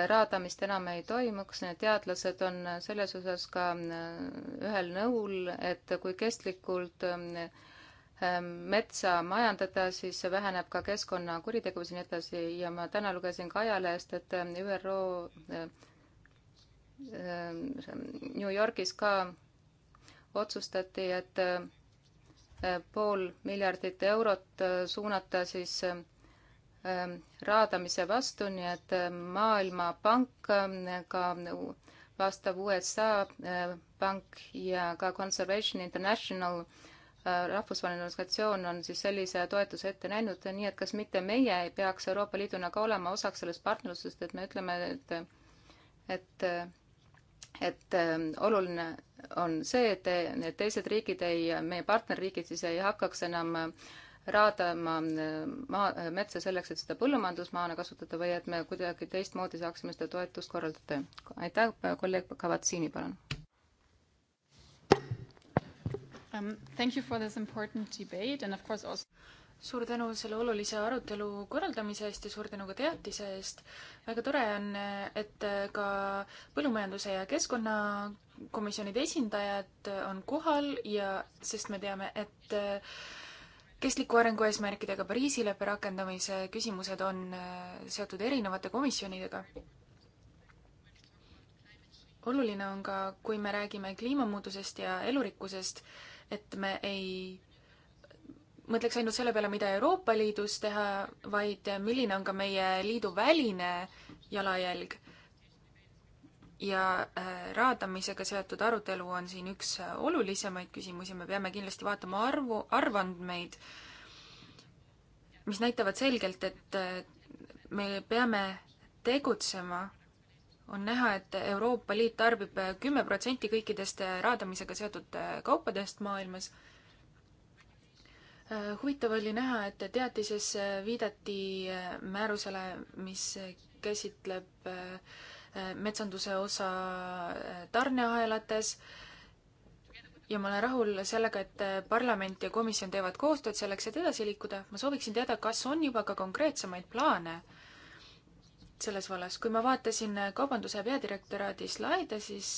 raadamist enam ei toimuks. teadlased on selles osas ka äh, ühel nõul, et kui kestlikult ähm, ähm, metsa majandada, siis väheneb ka keskkonnakuritegevus ja nii edasi ja ma täna lugesin ka ajalehest, et äh, ÜRO New Yorgis ka otsustati, et äh, pool miljardit eurot äh, suunata siis äh, raadamise vastu, nii et Maailmapank, ka vastav USA pank ja ka Conservation International rahvusvaheline organisatsioon on siis sellise toetuse ette näinud, nii et kas mitte meie ei peaks Euroopa Liiduna ka olema osaks sellest partnerlusest, et me ütleme, et, et et ähm, oluline on see, et need teised riigid ei, meie partnerriigid siis ei hakkaks enam äh, raadama äh, maa, äh, metsa selleks, et seda põllumajandusmaana kasutada või et me kuidagi teistmoodi saaksime seda toetust korraldada. aitäh, kolleeg Kavatsiini, palun. Um, thank you for this important debate and of course also suur tänu selle olulise arutelu korraldamise eest ja suur tänu ka teatise eest. väga tore on, et ka põllumajanduse ja keskkonnakomisjonide esindajad on kohal ja sest me teame, et kestliku arengu eesmärkidega Pariisi leppe rakendamise küsimused on seotud erinevate komisjonidega oluline on ka, kui me räägime kliimamuutusest ja elurikkusest, et me ei mõtleks ainult selle peale, mida Euroopa Liidus teha, vaid milline on ka meie liidu väline jalajälg. ja äh, raadamisega seotud arutelu on siin üks äh, olulisemaid küsimusi, me peame kindlasti vaatama arvu, arvandmeid, mis näitavad selgelt, et äh, me peame tegutsema on näha, et Euroopa Liit tarbib kümme protsenti kõikidest raadamisega seotud kaupadest maailmas huvitav oli näha, et teatises viidati äh, määrusele, mis käsitleb äh, metsanduse osa äh, tarneahelates ja ma olen rahul sellega, et parlament ja komisjon teevad koostööd selleks, et edasi liikuda. ma sooviksin teada, kas on juba ka konkreetsemaid plaane selles vallas. kui ma vaatasin kaubanduse peadirektoraadi slaide, siis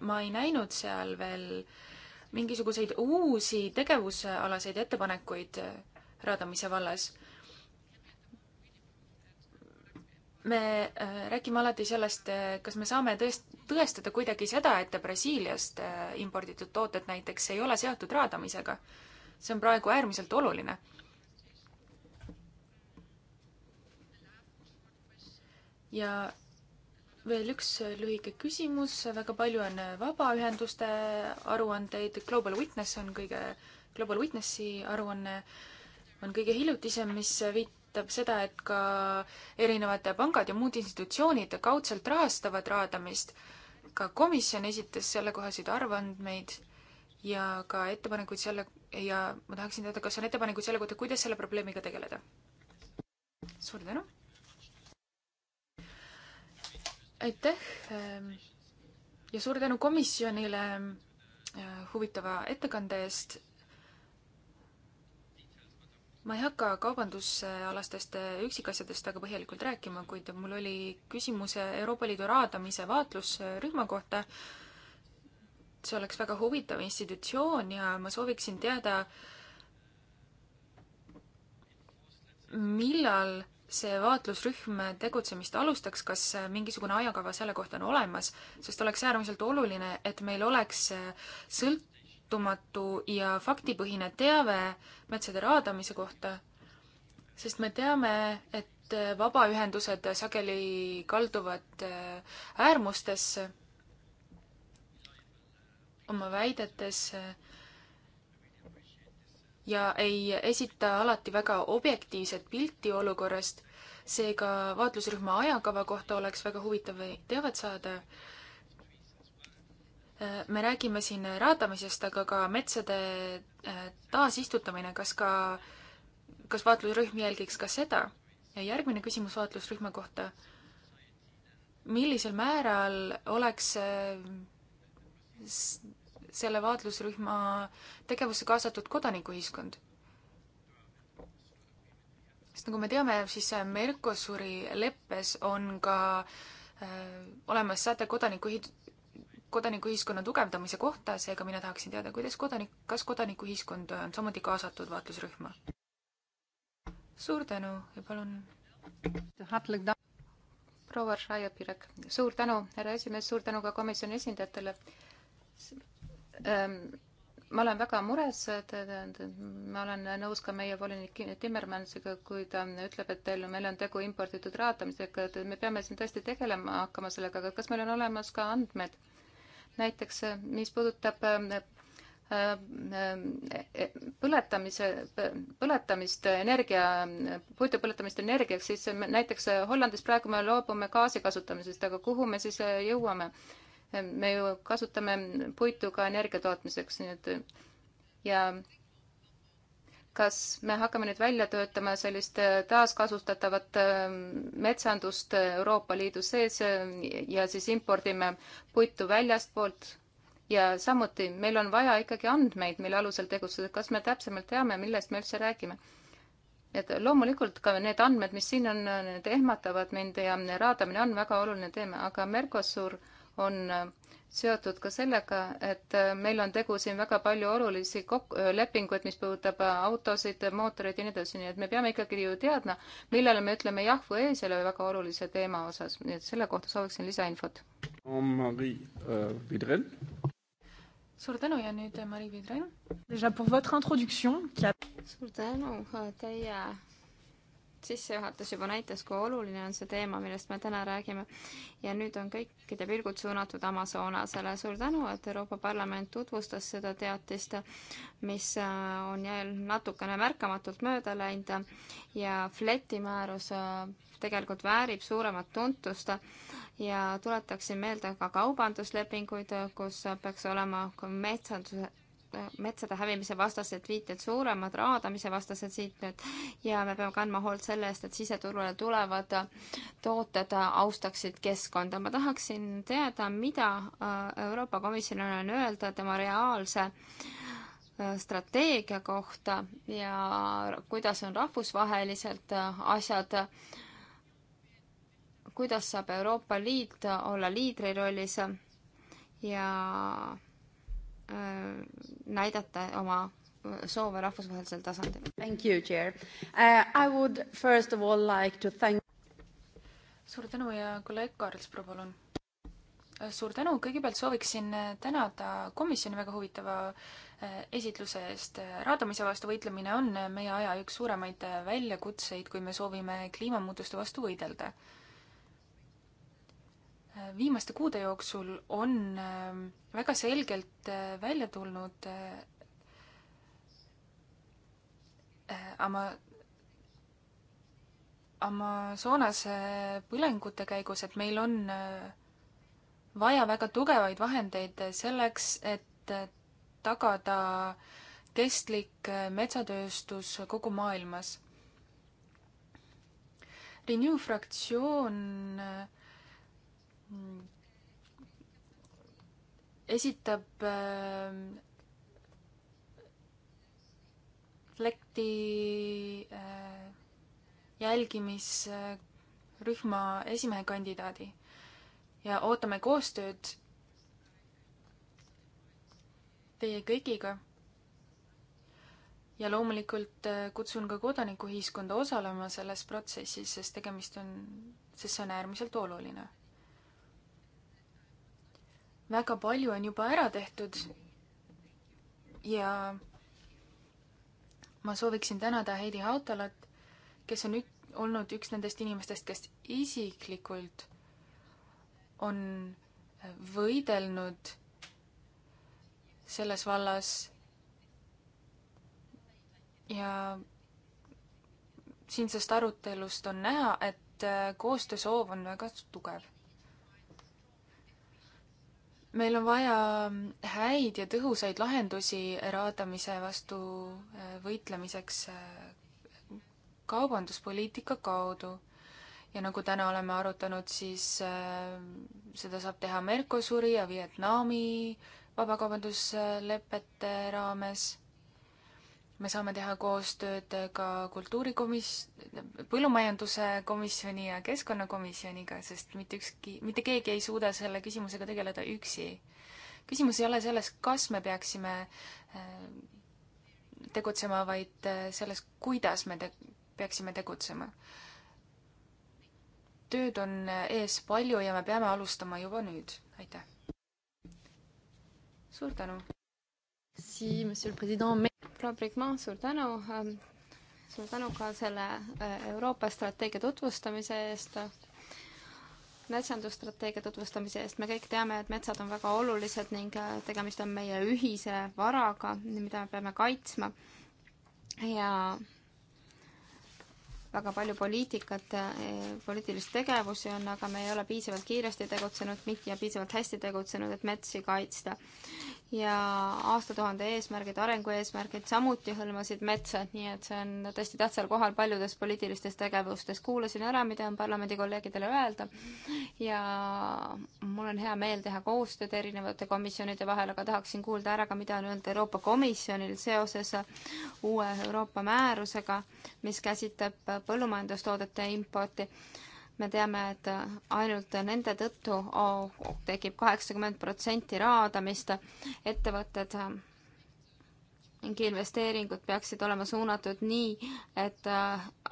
ma ei näinud seal veel äh, mingisuguseid uusi tegevusalaseid ettepanekuid äh, raadamise vallas. me äh, räägime alati sellest, äh, kas me saame tõest-, tõestada kuidagi seda, et Brasiiliast imporditud tooted näiteks ei ole seotud raadamisega. see on praegu äärmiselt oluline. ja veel üks lühike küsimus, väga palju on vabaühenduste aruandeid, Global Witness on kõige, Global Witnessi aruanne on kõige hiljutisem, mis viitab seda, et ka erinevad pangad ja muud institutsioonid kaudselt rahastavad raadamist. ka komisjon esitas sellekohaseid arvandmeid ja ka ettepanekuid selle ja ma tahaksin teada, kas on ettepanekuid selle kohta, kuidas selle probleemiga tegeleda? suur tänu aitäh ähm, ja suur tänu komisjonile äh, huvitava ettekande eest. ma ei hakka kaubandusalastest üksikasjadest väga põhjalikult rääkima, kuid mul oli küsimus Euroopa Liidu raadamise vaatlusrühma kohta. see oleks väga huvitav institutsioon ja ma sooviksin teada, millal see vaatlusrühm tegutsemist alustaks, kas äh, mingisugune ajakava selle kohta on olemas, sest oleks äärmiselt oluline, et meil oleks äh, sõltumatu ja faktipõhine teave metsade raadamise kohta, sest me teame, et äh, vabaühendused sageli kalduvad äärmustesse oma väidetes ja ei esita alati väga objektiivset pilti olukorrast. seega vaatlusrühma ajakava kohta oleks väga huvitav teavet saada. Äh, me räägime siin raadamisest, aga ka metsade äh, taasistutamine, kas ka, kas vaatlusrühm jälgiks ka seda? ja järgmine küsimus vaatlusrühma kohta. millisel määral oleks äh, selle vaatlusrühma tegevusse kaasatud kodanikuühiskond. sest nagu me teame, siis Mercosuri leppes on ka äh, olemas säte kodanikuühi-, kodanikuühiskonna tugevdamise kohta, seega mina tahaksin teada, kuidas kodanik, kas kodanikuühiskond on samuti kaasatud vaatlusrühma? suur tänu ja palun proua Šaja Pirek, suur tänu, härra esimees, suur tänu ka komisjoni esindajatele. Ehm, ma olen väga mures, ma olen nõus ka meie volinik Timmermansiga, kui ta ütleb, et teil, meil on tegu imporditud raadamisega, et me peame siin tõesti tegelema hakkama sellega, aga kas meil on olemas ka andmed? näiteks, mis puudutab ehm, ehm, põletamise, põletamist energia, puidu põletamist energiaks, siis näiteks Hollandis praegu me loobume gaasi kasutamisest, aga kuhu me siis jõuame? me ju kasutame puitu ka energia tootmiseks, nii et ja kas me hakkame nüüd välja töötama sellist taaskasutatavat ähm, metsandust Euroopa Liidu sees äh, ja siis impordime puitu väljastpoolt? ja samuti meil on vaja ikkagi andmeid, mille alusel tegutseda, kas me täpsemalt teame, millest me üldse räägime? et loomulikult ka need andmed, mis siin on, need ehmatavad mind ja raadamine on väga oluline teema, aga Mercosur äh, on äh, seotud ka sellega, et äh, meil on tegu siin väga palju olulisi kok-, äh, lepinguid, mis puudutab autosid, mootoreid ja nii edasi, nii et me peame ikkagi ju teadma, millele me ütleme jah või ei selle väga olulise teema osas, nii et selle kohta sooviksin lisainfot. Marie äh, Vidren. suur tänu ja nüüd Marie Vidren. suur tänu teie sissejuhatus juba näitas, kui oluline on see teema, millest me täna räägime. ja nüüd on kõikide pilgud suunatud Amazonasele. suur tänu, et Euroopa Parlament tutvustas seda teatist, mis äh, on natukene märkamatult mööda läinud ja Fleti määrus äh, tegelikult väärib suuremat tuntust ja tuletaksin meelde ka kaubanduslepinguid, kus peaks olema metsanduse metsade hävimise vastased viited suuremad, raadamise vastased viited ja me peame kandma hoolt selle eest, et siseturule tulevad tooted austaksid keskkonda. ma tahaksin teada, mida äh, Euroopa Komisjonil on öelda tema reaalse äh, strateegia kohta ja kuidas on rahvusvaheliselt äh, asjad kuidas saab Euroopa Liit olla liidri rollis ja Äh, näidata oma äh, soove rahvusvahelisel tasandil. Thank you, chair uh,. I would first of all like to thank. suur tänu ja kolleeg Kaarlspro, palun. Äh, suur tänu, kõigepealt sooviksin tänada komisjoni väga huvitava esitluse eest. raadamise vastu võitlemine on meie aja üks suuremaid väljakutseid, kui me soovime kliimamuutuste vastu võidelda viimaste kuude jooksul on äh, väga selgelt äh, välja tulnud äh, ama-, Amazonase põlengute käigus, et meil on vaja väga tugevaid vahendeid selleks, et tagada kestlik metsatööstus kogu maailmas. Renew fraktsioon äh, Hmm. esitab ähm, Flekti äh, jälgimisrühma esimehe kandidaadi ja ootame koostööd teie kõigiga. ja loomulikult äh, kutsun ka kodanikuühiskonda osalema selles protsessis, sest tegemist on, sest see on äärmiselt oluline väga palju on juba ära tehtud ja ma sooviksin tänada Heidi Hautalat, kes on ük-, olnud üks nendest inimestest, kes isiklikult on võidelnud selles vallas ja siinsest arutelust on näha, et koostöösoov on väga tugev meil on vaja mm, häid ja tõhusaid lahendusi raadamise vastu äh, võitlemiseks äh, kaubanduspoliitika kaudu. ja nagu täna oleme arutanud, siis äh, seda saab teha Mercosuri ja Vietnami vabakaubanduslepete raames me saame teha koostööd ka kultuurikomis-, põllumajanduse komisjoni ja keskkonnakomisjoniga, sest mitte ükski, mitte keegi ei suuda selle küsimusega tegeleda üksi. küsimus ei ole selles, kas me peaksime äh, tegutsema, vaid äh, selles, kuidas me te-, peaksime tegutsema. tööd on äh, ees palju ja me peame alustama juba nüüd, aitäh! suur tänu! proua Brigmaa, suur tänu. Ähm, suur tänu ka selle äh, Euroopa strateegia tutvustamise eest metsandusstrateegia tutvustamise eest. me kõik teame, et metsad on väga olulised ning äh, tegemist on meie ühise varaga, mida me peame kaitsma. ja väga palju poliitikat, äh, poliitilist tegevusi on, aga me ei ole piisavalt kiiresti tegutsenud ja piisavalt hästi tegutsenud, et metsi kaitsta ja aastatuhande eesmärgid, arengueesmärgid samuti hõlmasid metsa, nii et see on tõesti tähtsal kohal paljudes poliitilistes tegevustes. kuulasin ära, mida on parlamendi kolleegidele öelda ja mul on hea meel teha koostööd erinevate komisjonide vahel, aga tahaksin kuulda ära ka, mida on öelda Euroopa Komisjonil seoses uue Euroopa määrusega, mis käsitleb põllumajandustoodete importi me teame, et ainult nende tõttu oh, tekib kaheksakümmend protsenti raadamist. ettevõtted ning investeeringud peaksid olema suunatud nii, et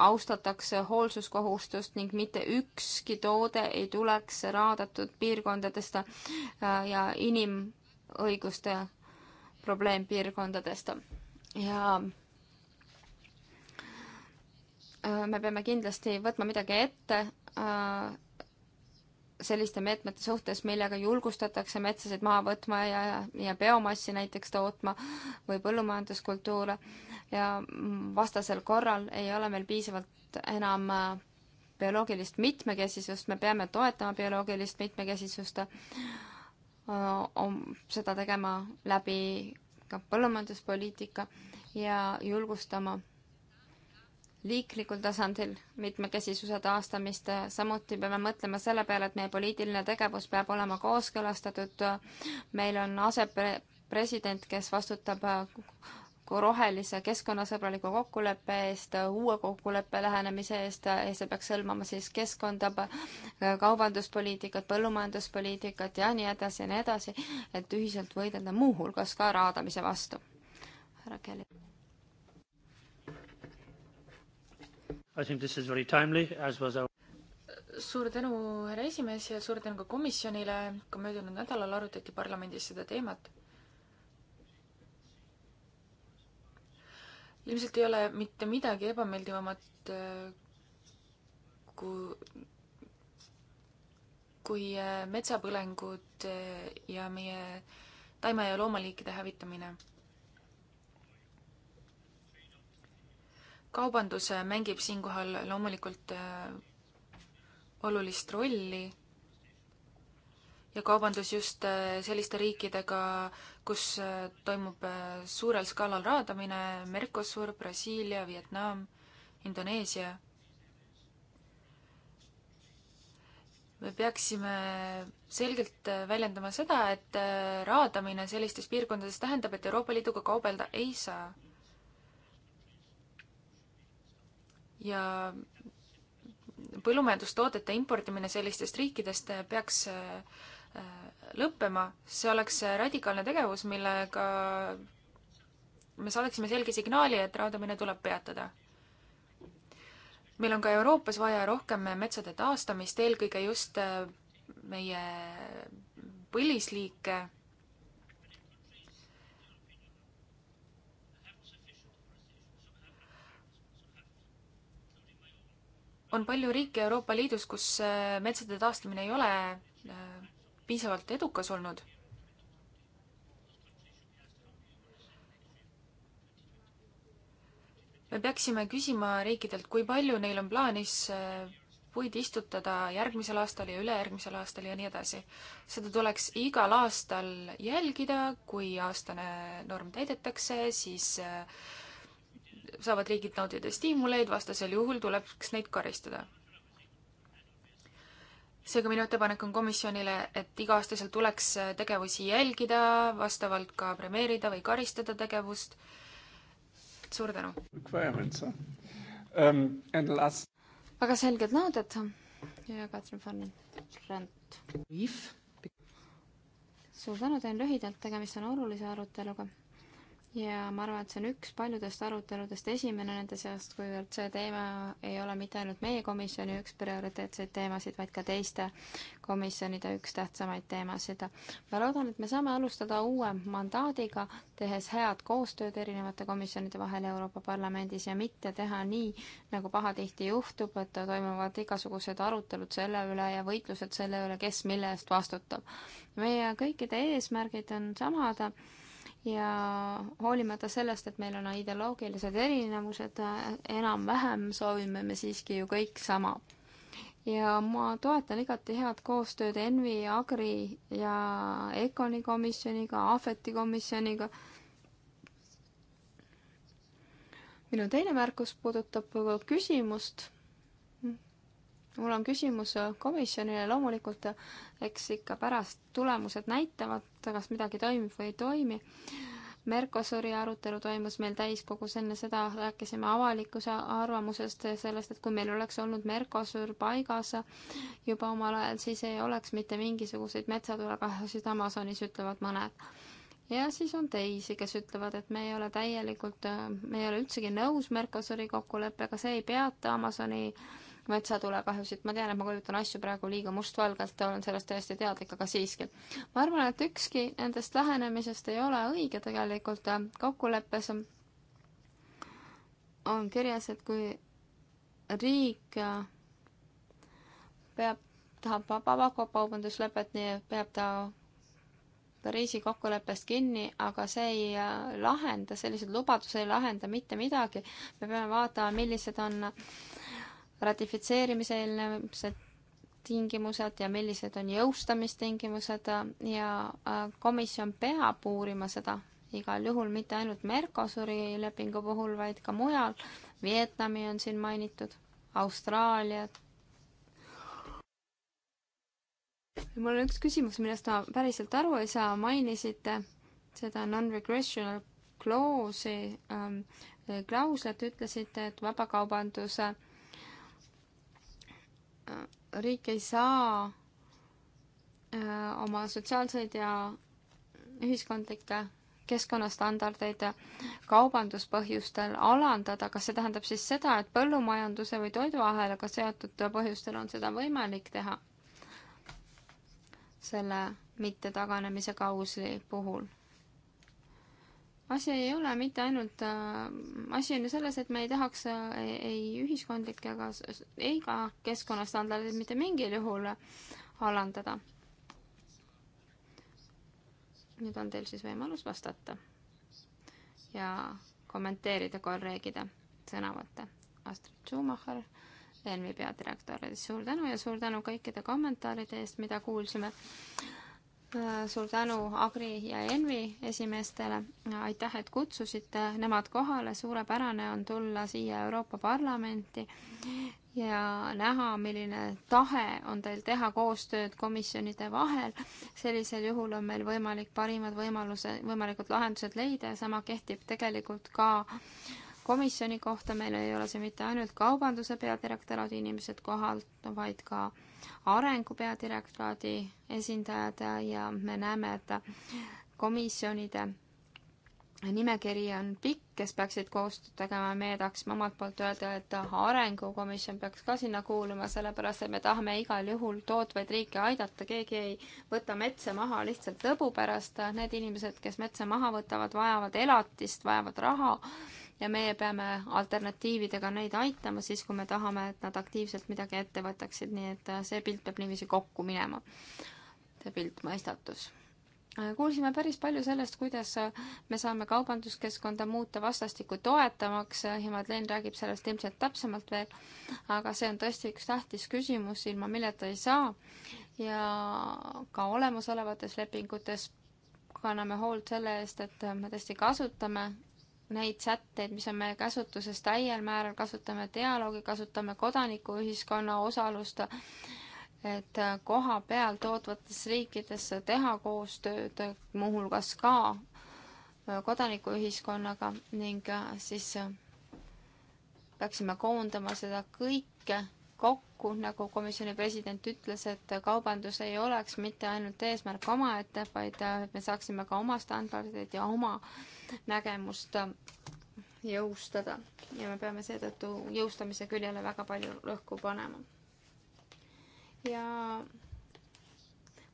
austatakse hoolsuskohustust ning mitte ükski toode ei tuleks raadatud piirkondadest ja inimõiguste probleempiirkondadest. ja äh, me peame kindlasti võtma midagi ette Äh, selliste meetmete suhtes, millega julgustatakse metsasid maha võtma ja, ja biomassi näiteks tootma või põllumajanduskultuure ja vastasel korral ei ole meil piisavalt enam äh, bioloogilist mitmekesisust, me peame toetama bioloogilist mitmekesisust, äh, seda tegema läbi ka põllumajanduspoliitika ja julgustama liiklikul tasandil mitmekesisuse taastamist, samuti peame mõtlema selle peale, et meie poliitiline tegevus peab olema kooskõlastatud, meil on asepresident, kes vastutab rohelise keskkonnasõbraliku kokkuleppe eest, uue kokkuleppe lähenemise eest ja see peaks hõlmama siis keskkonda, kaubanduspoliitikat, põllumajanduspoliitikat ja nii edasi ja nii edasi, et ühiselt võidelda muuhulgas ka raadamise vastu. härra Kelly I think this is very timely, as was our suur tänu, härra esimees, ja suur tänu ka komisjonile, ka möödunud nädalal arutati parlamendis seda teemat ilmselt ei ole mitte midagi ebameeldivamat eh, kui, kui eh, metsapõlengud eh, ja meie taime- ja loomaliikide hävitamine kaubandus mängib siinkohal loomulikult äh, olulist rolli ja kaubandus just äh, selliste riikidega, kus äh, toimub suurel skaalal raadamine, Mercosur, Brasiilia, Vietnam, Indoneesia. me peaksime selgelt väljendama seda, et raadamine sellistes piirkondades tähendab, et Euroopa Liiduga kaubelda ei saa ja põllumajandustoodete importimine sellistest riikidest peaks äh, lõppema, see oleks radikaalne tegevus, millega me saadaksime selge signaali, et raadamine tuleb peatada. meil on ka Euroopas vaja rohkem metsade taastamist, eelkõige just äh, meie põlisliike on palju riike Euroopa Liidus, kus äh, metsade taastamine ei ole äh, piisavalt edukas olnud. me peaksime küsima riikidelt, kui palju neil on plaanis äh, puid istutada järgmisel aastal ja ülejärgmisel aastal ja nii edasi. seda tuleks igal aastal jälgida, kui aastane norm täidetakse, siis äh, saavad riigid nautida stiimuleid, vastasel juhul tuleks neid karistada. seega minu ettepanek on komisjonile, et iga-aastaselt tuleks tegevusi jälgida, vastavalt ka premeerida või karistada tegevust. suur tänu! Um, last... väga selged nõuded ja Katrin von Rent. suur tänu, teen lühidalt, tegemist on olulise aruteluga ja ma arvan, et see on üks paljudest aruteludest esimene nende seast, kuivõrd see teema ei ole mitte ainult meie komisjoni üks prioriteetseid teemasid, vaid ka teiste komisjonide üks tähtsamaid teemasid. ma loodan, et me saame alustada uue mandaadiga, tehes head koostööd erinevate komisjonide vahel Euroopa Parlamendis ja mitte teha nii, nagu pahatihti juhtub, et toimuvad igasugused arutelud selle üle ja võitlused selle üle, kes mille eest vastutab. meie kõikide eesmärgid on samad ja hoolimata sellest, et meil on ideoloogilised erinevused, äh, enam-vähem soovime me siiski ju kõik sama. ja ma toetan igati head koostööd Envi, Agri ja Econi komisjoniga, Ahveti komisjoniga. minu teine märkus puudutab küsimust mul on küsimus äh, komisjonile, loomulikult äh, eks ikka pärast tulemused näitavad, kas midagi toimib või ei toimi. Mercosuri arutelu toimus meil täiskogus, enne seda rääkisime avalikkuse arvamusest ja sellest, et kui meil oleks olnud Mercosur paigas juba omal ajal, siis ei oleks mitte mingisuguseid metsatulekahjusid Amazonis, ütlevad mõned ja siis on teisi, kes ütlevad, et me ei ole täielikult, äh, me ei ole üldsegi nõus Mercosuri kokkuleppega, see ei peata Amazoni äh, metsatulekahjusid, ma tean, et ma kujutan asju praegu liiga mustvalgelt, olen sellest täiesti teadlik, aga siiski. ma arvan, et ükski nendest lähenemisest ei ole õige tegelikult, kokkuleppes on, on kirjas, et kui riik peab, tahab vabakaubanduslepet, nii et peab ta Pariisi kokkuleppest kinni, aga see ei lahenda, sellised lubadused ei lahenda mitte midagi. me peame vaatama, millised on ratifitseerimise eelnevad tingimused ja millised on jõustamistingimused ja äh, komisjon peab uurima seda igal juhul mitte ainult Mercosuri lepingu puhul, vaid ka mujal. Vietnami on siin mainitud, Austraaliat. mul on üks küsimus, millest ma päriselt aru ei saa, mainisite seda non-regressional clause'i ähm, äh, klauslet, ütlesite, et vabakaubanduse äh, Äh, riik ei saa äh, oma sotsiaalseid ja ühiskondlikke keskkonnastandardeid kaubanduspõhjustel alandada, kas see tähendab siis seda, et põllumajanduse või toiduahelaga seotud põhjustel on seda võimalik teha selle mittetaganemise klausli puhul? asi ei ole mitte ainult, äh, asi on ju selles, et me ei tahaks äh, ei, ei ühiskondlikke ega, ega keskkonnastandardeid mitte mingil juhul alandada. nüüd on teil siis võimalus vastata ja kommenteerida kolleegide sõnavõtte. Astrid Schumacher, ENMi peadirektor, suur tänu ja suur tänu kõikide kommentaaride eest, mida kuulsime Äh, suur tänu Agri ja Envi esimeestele, äh, aitäh, et kutsusite nemad kohale, suurepärane on tulla siia Euroopa Parlamenti ja näha, milline tahe on teil teha koostööd komisjonide vahel. sellisel juhul on meil võimalik parimad võimalused, võimalikud lahendused leida ja sama kehtib tegelikult ka äh, komisjoni kohta, meil ei ole see mitte ainult kaubanduse peadirektoraadi inimesed kohal, vaid ka arengu peadirektoraadi esindajad ja me näeme, et komisjonide nimekiri on pikk, kes peaksid koostööd tegema, meie tahaksime omalt poolt öelda, et arengukomisjon peaks ka sinna kuuluma, sellepärast et me tahame igal juhul tootvaid riike aidata, keegi ei võta metsa maha lihtsalt lõbu pärast, need inimesed, kes metsa maha võtavad, vajavad elatist, vajavad raha ja meie peame alternatiividega neid aitama siis, kui me tahame, et nad aktiivselt midagi ette võtaksid, nii et äh, see pilt peab niiviisi kokku minema. see pilt, mõistatus äh, kuulsime päris palju sellest, kuidas äh, me saame kaubanduskeskkonda muuta vastastikku toetavaks ja Madlen räägib sellest ilmselt täpsemalt veel, aga see on tõesti üks tähtis küsimus, ilma milleta ei saa. ja ka olemasolevates lepingutes kanname hoolt selle eest, et me tõesti kasutame neid sätteid, mis on meie käsutuses täiel määral, kasutame dialoogi, kasutame kodanikuühiskonna osalust, et koha peal tootvates riikides teha koostööd, muuhulgas ka kodanikuühiskonnaga ning siis peaksime koondama seda kõike kokku, nagu komisjoni president ütles, et kaubandus ei oleks mitte ainult eesmärk omaette, vaid et me saaksime ka oma standardeid ja oma äh, nägemust jõustada ja me peame seetõttu jõustamise küljele väga palju rõhku panema. ja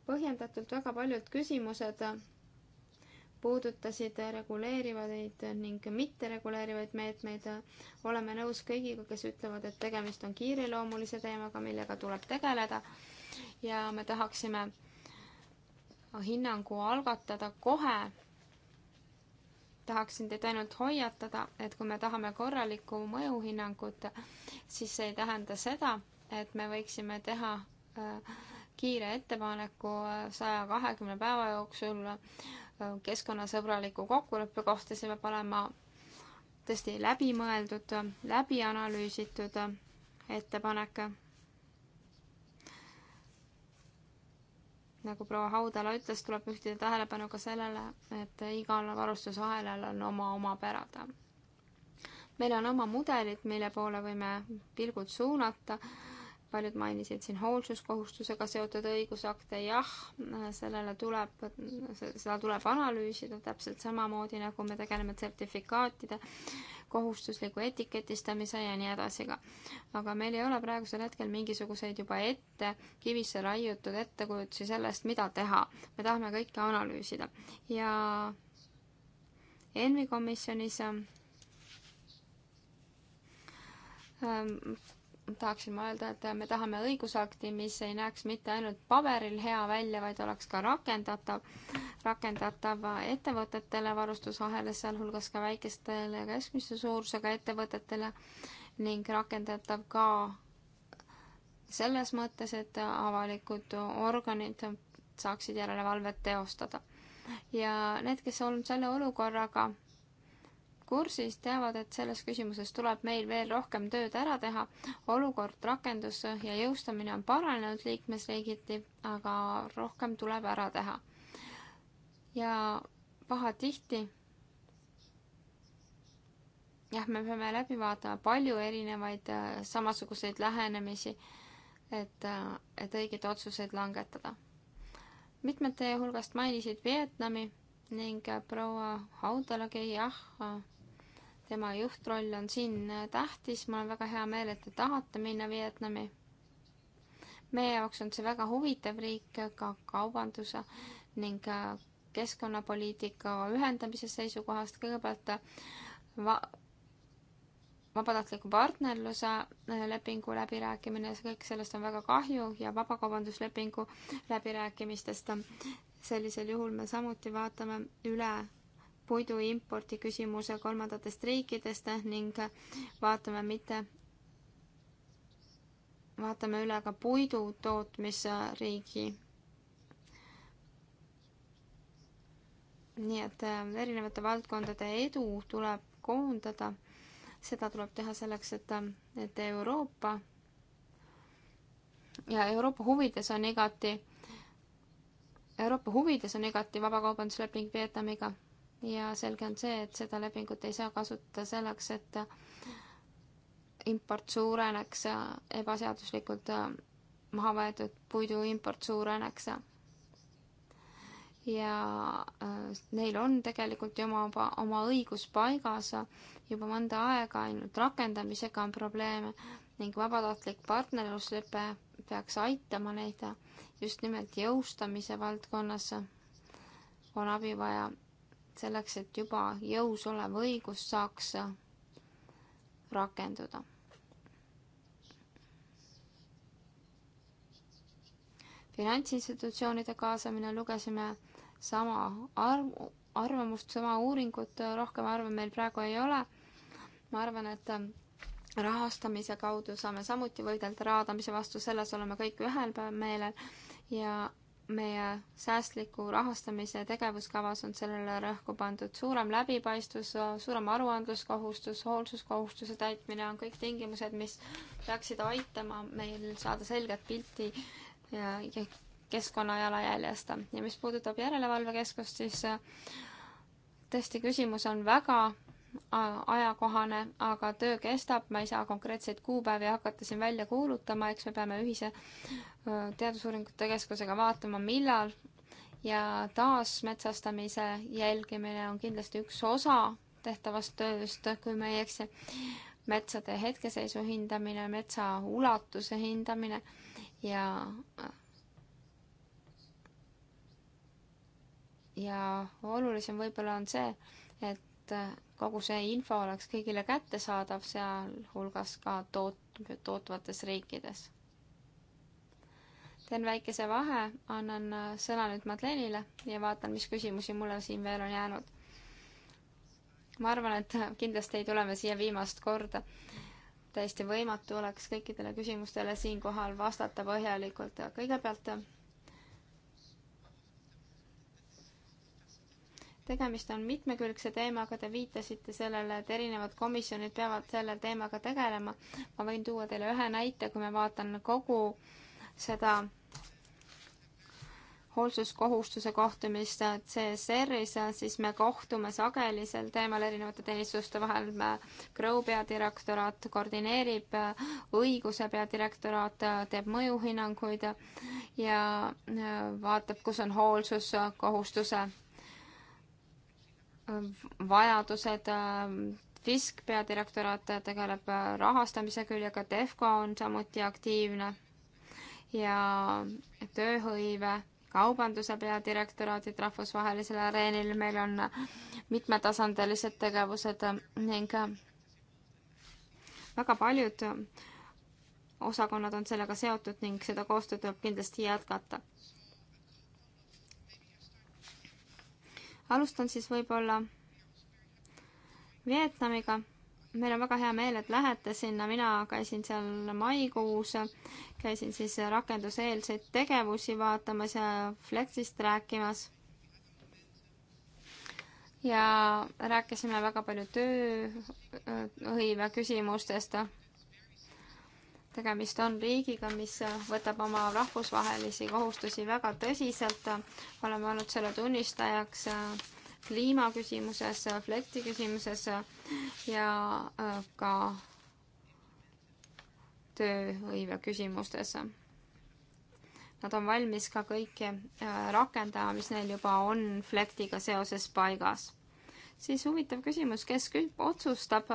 põhjendatult väga paljud küsimused puudutasid reguleerivaid ning mittereguleerivaid meetmeid. oleme nõus kõigiga, kes ütlevad, et tegemist on kiireloomulise teemaga, millega tuleb tegeleda ja me tahaksime hinnangu algatada kohe tahaksin teid ainult hoiatada, et kui me tahame korralikku mõjuhinnangut, siis see ei tähenda seda, et me võiksime teha äh, kiire ettepaneku äh, saja kahekümne päeva jooksul äh, keskkonnasõbraliku kokkuleppe kohta, see peab olema tõesti läbimõeldud, läbi analüüsitud ettepanek nagu proua Haudala ütles, tuleb juhtida tähelepanu ka sellele, et igal varustusahelal on oma omapärad. meil on oma mudelid, mille poole võime pilgud suunata paljud mainisid siin hoolsuskohustusega seotud õigusakte, jah, sellele tuleb, seda tuleb analüüsida täpselt samamoodi, nagu me tegeleme sertifikaatide kohustusliku etiketistamise ja nii edasi ka. aga meil ei ole praegusel hetkel mingisuguseid juba ette kivisse raiutud ettekujutusi sellest, mida teha. me tahame kõike analüüsida ja ENVI komisjonis ähm, tahaksin ma öelda, et me tahame õigusakti, mis ei näeks mitte ainult paberil hea välja, vaid oleks ka rakendatav, rakendatav ettevõtetele varustusahelas, sealhulgas ka väikestele ja keskmise suurusega ettevõtetele ning rakendatav ka selles mõttes, et avalikud organid saaksid järelevalvet teostada. ja need, kes on selle olukorraga kursis, teavad, et selles küsimuses tuleb meil veel rohkem tööd ära teha. olukord, rakendus ja jõustamine on paranenud liikmesriigiti, aga rohkem tuleb ära teha. ja pahatihti jah, me peame läbi vaatama palju erinevaid äh, samasuguseid lähenemisi, et, äh, et õigeid otsuseid langetada. mitmed teie hulgast mainisid Vietnami ning äh, proua Haudalagi jah, tema juhtroll on siin äh, tähtis, mul on väga hea meel, et te tahate minna Vietnami. meie jaoks on see väga huvitav riik äh, ka kaubanduse ning äh, keskkonnapoliitika ühendamise seisukohast. kõigepealt va-, vabatahtliku partnerluse lepingu läbirääkimine, kõik sellest on väga kahju ja vabakaubanduslepingu läbirääkimistest. sellisel juhul me samuti vaatame üle puidu importi küsimuse kolmandatest riikidest ning vaatame mitte, vaatame üle ka puidu tootmisriigi. nii et äh, erinevate valdkondade edu tuleb koondada, seda tuleb teha selleks, et, äh, et Euroopa ja Euroopa huvides on igati Euroopa huvides on igati vabakaubandusleping Vietnamiga ja selge on see, et seda lepingut ei saa kasutada selleks, et import suureneks äh, ebaseaduslikult äh, maha võetud puidu import suureneks. ja äh, neil on tegelikult ju oma, oma õigus paigas juba mõnda aega, ainult rakendamisega on probleeme ning vabatahtlik partnerluslepe peaks aitama neid just nimelt jõustamise valdkonnas on abi vaja selleks, et juba jõus olev õigus saaks rakenduda. finantsinstitutsioonide kaasamine, lugesime sama arv, arvamust, sama uuringut, rohkem arve meil praegu ei ole. ma arvan, et rahastamise kaudu saame samuti võidelda raadamise vastu, selles oleme kõik ühel meelel ja meie säästliku rahastamise tegevuskavas on sellele rõhku pandud suurem läbipaistvus, suurem aruandluskohustus, hoolsuskohustuse täitmine on kõik tingimused, mis peaksid aitama meil saada selget pilti ja, ja keskkonna jalajäljest. ja mis puudutab järelevalvekeskust, siis tõesti, küsimus on väga ajakohane, aga töö kestab, ma ei saa konkreetseid kuupäevi hakata siin välja kuulutama, eks me peame ühise Teadusuuringute Keskusega vaatama, millal ja taasmetsastamise jälgimine on kindlasti üks osa tehtavast tööst, kui ma ei eksi, metsade hetkeseisu hindamine, metsa ulatuse hindamine ja ja olulisem võib-olla on see, et kogu see info oleks kõigile kättesaadav, sealhulgas ka toot-, tootvates riikides. teen väikese vahe, annan äh, sõna nüüd Madlenile ja vaatan, mis küsimusi mulle siin veel on jäänud. ma arvan, et äh, kindlasti ei tule me siia viimast korda täiesti võimatu oleks kõikidele küsimustele siinkohal vastata põhjalikult ja kõigepealt äh, tegemist on mitmekülgse teemaga, te viitasite sellele, et erinevad komisjonid peavad selle teemaga tegelema. ma võin tuua teile ühe näite, kui ma vaatan kogu seda hoolsuskohustuse kohtumist CSR-is, siis me kohtume sageli sel teemal erinevate teenistuste vahel. Grow peadirektoraat koordineerib, õiguse peadirektoraat teeb mõjuhinnanguid ja äh, vaatab, kus on hoolsuskohustuse vajadused, ähm, Fisk peadirektoraat tegeleb äh, rahastamise küljega, Defco on samuti aktiivne ja tööhõive, kaubanduse peadirektoraadid rahvusvahelisel areenil, meil on mitmetasandilised tegevused ähm, ning äh, väga paljud äh, osakonnad on sellega seotud ning seda koostööd tuleb kindlasti jätkata alustan siis võib-olla Vietnamiga. meil on väga hea meel, et lähete sinna, mina käisin seal maikuus, käisin siis rakenduseelseid tegevusi vaatamas ja Flexist rääkimas. ja rääkisime väga palju tööhõive küsimustest tegemist on riigiga, mis võtab oma rahvusvahelisi kohustusi väga tõsiselt. oleme olnud selle tunnistajaks äh, kliimaküsimuses, äh, flekti küsimuses äh, ja ka tööhõive küsimustes. Nad on valmis ka kõike rakendama, mis neil juba on flektiga seoses paigas. siis huvitav küsimus, kes küll otsustab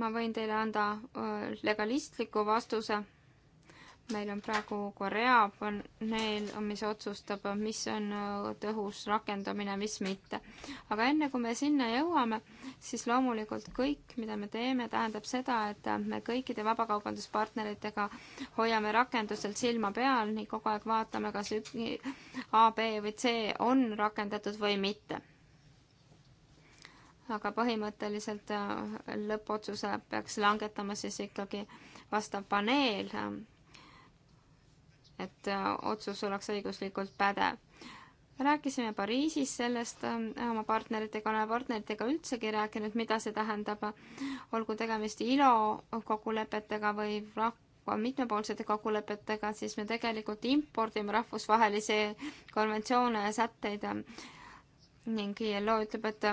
ma võin teile anda äh, legalistliku vastuse. meil on praegu Korea paneel, mis otsustab, mis on äh, tõhus rakendamine, mis mitte. aga enne kui me sinna jõuame, siis loomulikult kõik, mida me teeme, tähendab seda, et me kõikide vabakaubanduspartneritega hoiame rakenduselt silma peal, nii kogu aeg vaatame, kas A, B või C on rakendatud või mitte aga põhimõtteliselt äh, lõppotsuse peaks langetama siis ikkagi vastav paneel, äh, et äh, otsus oleks õiguslikult pädev. rääkisime Pariisis sellest oma partneritega, oleme partneritega üldsegi rääkinud, mida see tähendab, olgu tegemist ILO kokkulepetega või mitmepoolsete kokkulepetega, siis me tegelikult impordime rahvusvahelisi konventsioone ja sätteid ning ILO ütleb, et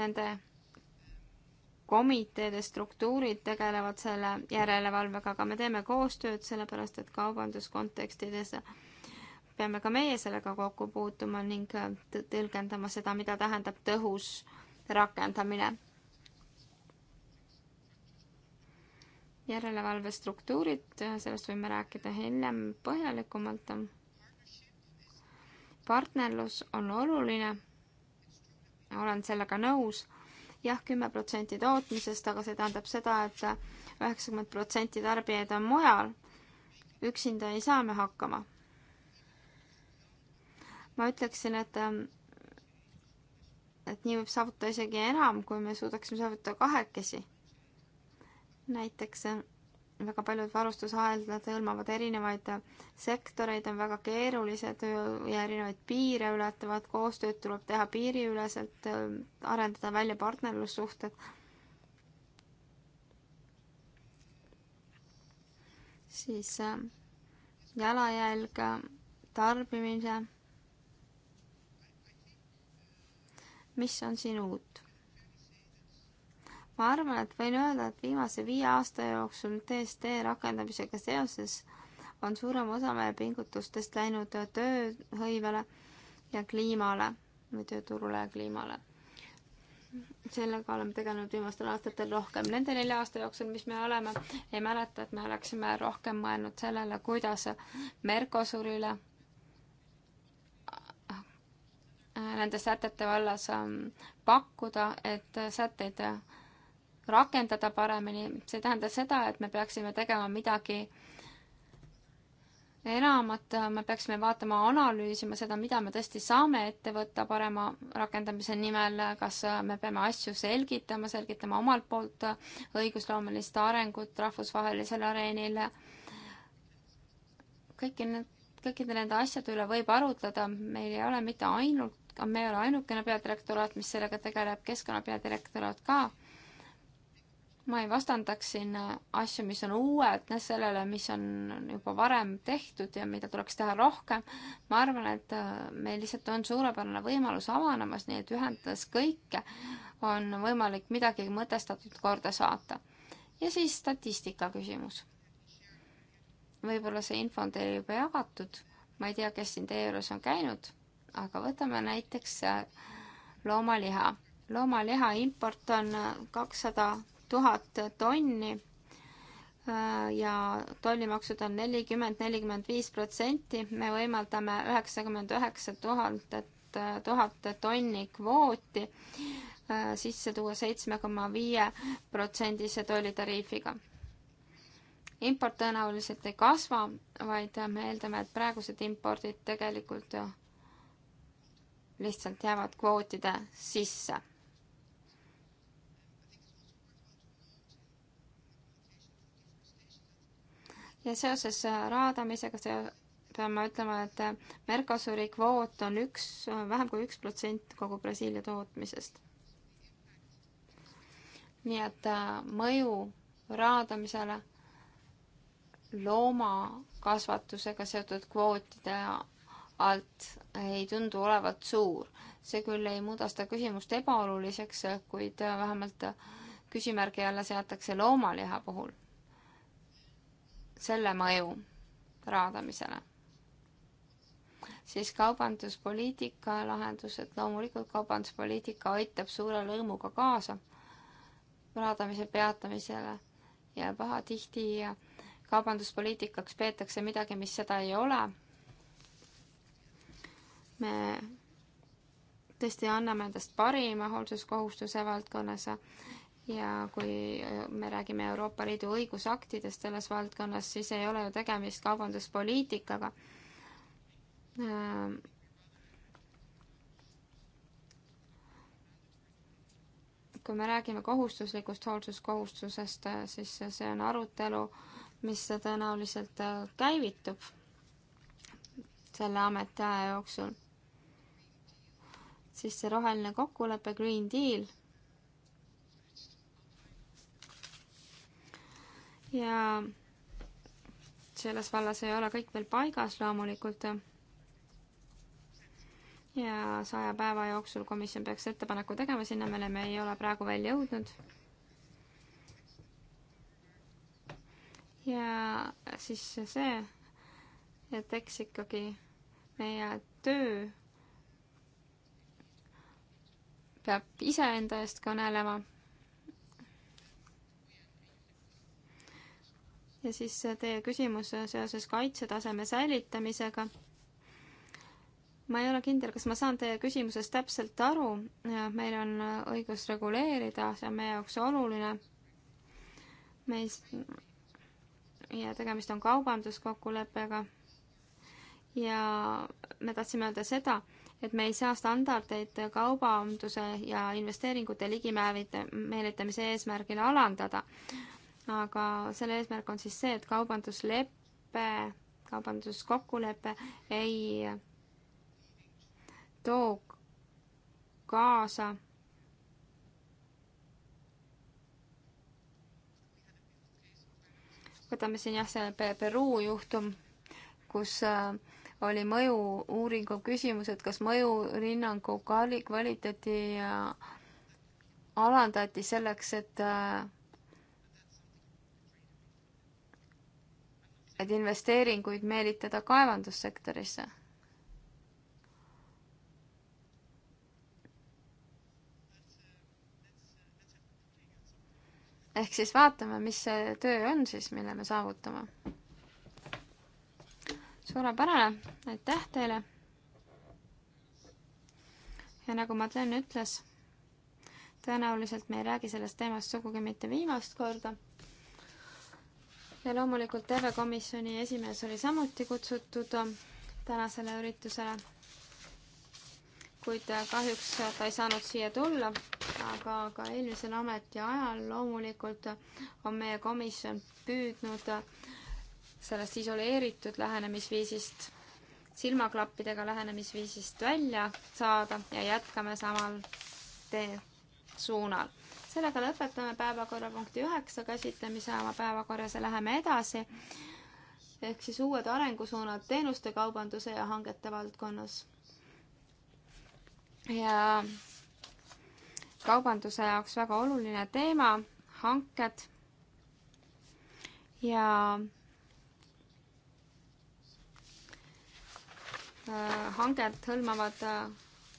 nende komiteede struktuurid tegelevad selle järelevalvega, aga me teeme koostööd, sellepärast et kaubanduskontekstides peame ka meie sellega kokku puutuma ning tõlgendama seda, mida tähendab tõhus rakendamine. järelevalve struktuurid, sellest võime rääkida hiljem põhjalikumalt. partnerlus on oluline olen sellega nõus jah,. jah, kümme protsenti tootmisest, aga see tähendab seda et, et üheksakümmend protsenti tarbijaid on mujal. üksinda ei saa me hakkama. ma ütleksin, et et nii võib saavutada isegi enam, kui me suudaksime saavutada kahekesi. näiteks väga paljud varustusahelad hõlmavad erinevaid sektoreid, on väga keerulised ja erinevaid piire ületavad, koostööd tuleb teha piiriüleselt, arendada välja partnerlussuhted. siis äh, jalajälg, tarbimine. mis on siin uut? ma arvan, et võin öelda, et viimase viie aasta jooksul TSD rakendamisega seoses on suurem osa meie pingutustest läinud tööhõivele ja kliimale või tööturule ja kliimale. sellega oleme tegelenud viimastel aastatel rohkem. Nende nelja aasta jooksul, mis me oleme, ei mäleta, et me oleksime rohkem mõelnud sellele, kuidas Mercosurile äh, nende sätete vallas ähm, pakkuda, et sätteid rakendada paremini, see ei tähenda seda, et me peaksime tegema midagi enamat, me peaksime vaatama, analüüsima seda, mida me tõesti saame ette võtta parema rakendamise nimel, kas me peame asju selgitama, selgitama omalt poolt õigusloomelist arengut rahvusvahelisel areenil. kõiki need, kõikide nende asjade üle võib arutleda, meil ei ole mitte ainult, me ei ole ainukene peadirektoraat, mis sellega tegeleb, keskkonna peadirektoraat ka ma ei vastandaks siin äh, asju, mis on uued, sellele, mis on juba varem tehtud ja mida tuleks teha rohkem. ma arvan, et äh, meil lihtsalt on suurepärane võimalus avanemas, nii et ühendades kõike, on võimalik midagi mõtestatud korda saata. ja siis statistika küsimus. võib-olla see info on teile juba jagatud, ma ei tea, kes siin teie juures on käinud, aga võtame näiteks äh, loomaliha. loomaliha import on kakssada 200 tuhat tonni äh, ja tollimaksud on nelikümmend, nelikümmend viis protsenti, me võimaldame üheksakümmend üheksa tuhandet, äh, tuhat tonni kvooti äh, sisse tuua seitsme koma viie protsendise tollitariifiga. import tõenäoliselt ei kasva, vaid me eeldame, et praegused impordid tegelikult ju lihtsalt jäävad kvootide sisse ja seoses äh, raadamisega seo-, pean ma ütlema, et äh, Mercosuri kvoot on üks, äh, vähem kui üks protsent kogu Brasiilia tootmisest. nii et mõju raadamisele loomakasvatusega seotud kvootide alt ei tundu olevat suur. see küll ei muuda seda küsimust ebaoluliseks, kuid vähemalt küsimärgi alla seatakse loomaliha puhul selle mõju raadamisele. siis kaubanduspoliitika lahendused, loomulikult kaubanduspoliitika aitab suure lõõmuga kaasa raadamise peatamisele ja pahatihti kaubanduspoliitikaks peetakse midagi, mis seda ei ole. me tõesti anname endast parima hoolsuskohustuse valdkonnas ja kui äh, me räägime Euroopa Liidu õigusaktidest selles valdkonnas, siis ei ole ju tegemist kaubanduspoliitikaga. Ähm, kui me räägime kohustuslikust hoolsuskohustusest, äh, siis see on arutelu, mis tõenäoliselt äh, käivitub selle ametiaja jooksul. siis see roheline kokkulepe, Green Deal ja selles vallas ei ole kõik veel paigas loomulikult. ja saja päeva jooksul komisjon peaks ettepaneku tegema, sinnamaale me ei ole praegu veel jõudnud. ja siis see, et eks ikkagi meie töö peab iseenda eest kõnelema ja siis teie küsimus seoses kaitsetaseme säilitamisega. ma ei ole kindel, kas ma saan teie küsimusest täpselt aru, meil on õigus reguleerida, see on meie jaoks oluline. me ei, ja tegemist on kaubanduskokkuleppega. ja me tahtsime öelda seda, et me ei saa standardeid kaubanduse ja investeeringute ligimeelitamise eesmärgil alandada aga selle eesmärk on siis see, et kaubanduslepe, kaubanduskokkulepe ei too kaasa võtame siin jah, see Peruu juhtum, kus äh, oli mõju-uuringu küsimus, et kas mõjuhinnangu kvaliteeti äh, alandati selleks, et äh, et investeeringuid meelitada kaevandussektorisse. ehk siis vaatame, mis see töö on siis, mille me saavutame. suurepärane, aitäh teile. ja nagu Madlen ütles, tõenäoliselt me ei räägi sellest teemast sugugi mitte viimast korda ja loomulikult TV Komisjoni esimees oli samuti kutsutud äh, tänasele üritusele. kuid äh, kahjuks ta ei saanud siia tulla, aga ka eelmisel ametiajal loomulikult äh, on meie komisjon püüdnud sellest isoleeritud lähenemisviisist, silmaklappidega lähenemisviisist välja saada ja jätkame samal tee suunal sellega lõpetame päevakorrapunkti üheksa käsitlemise oma päevakorras ja läheme edasi. ehk siis uued arengusuunad teenuste, kaubanduse ja hangete valdkonnas. ja kaubanduse jaoks väga oluline teema, hanked ja äh, hanged hõlmavad äh,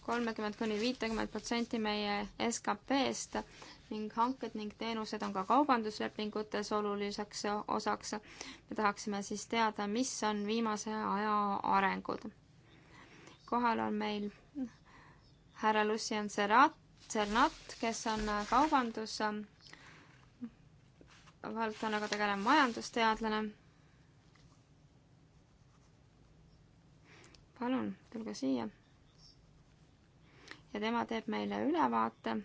kolmekümmend kuni viitekümmet protsenti meie SKP-st ning hanked ning teenused on ka kaubanduslepingutes oluliseks osaks. me tahaksime siis teada, mis on viimase aja arengud. kohal on meil härra Lucien Serrat, Cernat, kes on kaubandus valdkonnaga tegelev majandusteadlane. palun, tulge siia. ja tema teeb meile ülevaate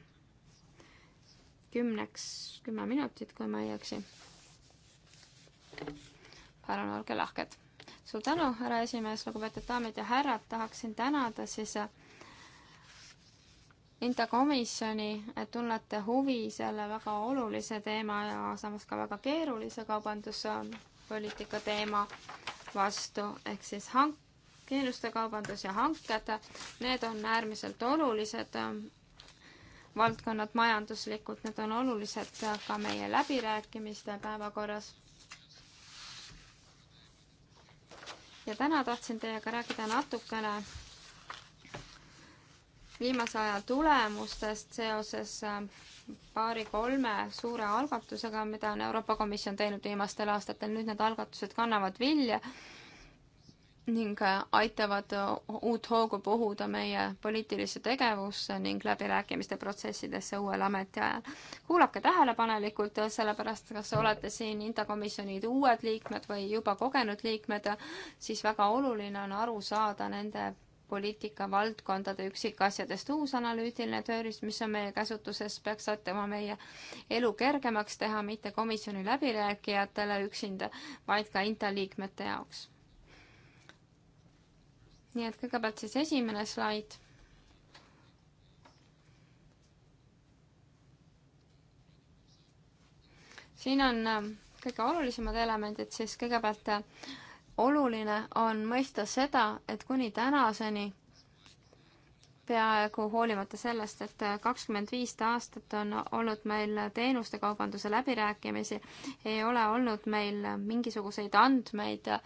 kümneks, kümme minutit, kui ma ei eksi. palun olge lahked. suur tänu, härra esimees, lugupeetud daamid ja härrad, tahaksin tänada siis Inta komisjoni, et tunnete huvi selle väga olulise teema ja samas ka väga keerulise kaubanduspoliitika teema vastu, ehk siis hank-, keeluste kaubandus ja hanked, need on äärmiselt olulised valdkonnad majanduslikult, need on olulised ka meie läbirääkimiste päevakorras. ja täna tahtsin teiega rääkida natukene viimase aja tulemustest seoses äh, paari-kolme suure algatusega, mida on Euroopa Komisjon teinud viimastel aastatel, nüüd need algatused kannavad vilja ning äh, aitavad äh, uut hoogu puhuda meie poliitilisse tegevusse ning läbirääkimiste protsessidesse uuel ametiajal. kuulake tähelepanelikult, äh, sellepärast kas olete siin intakomisjoni uued liikmed või juba kogenud liikmed, siis väga oluline on aru saada nende poliitikavaldkondade üksikasjadest uus analüütiline tööriist, mis on meie käsutuses, peaks aitama meie elu kergemaks teha mitte komisjoni läbirääkijatele üksinda, vaid ka intaliikmete jaoks nii et kõigepealt siis esimene slaid. siin on äh, kõige olulisemad elemendid, siis kõigepealt äh, oluline on mõista seda, et kuni tänaseni peaaegu hoolimata sellest, et äh, kakskümmend viis aastat on olnud meil teenustekaubanduse läbirääkimisi, ei ole olnud meil mingisuguseid andmeid äh,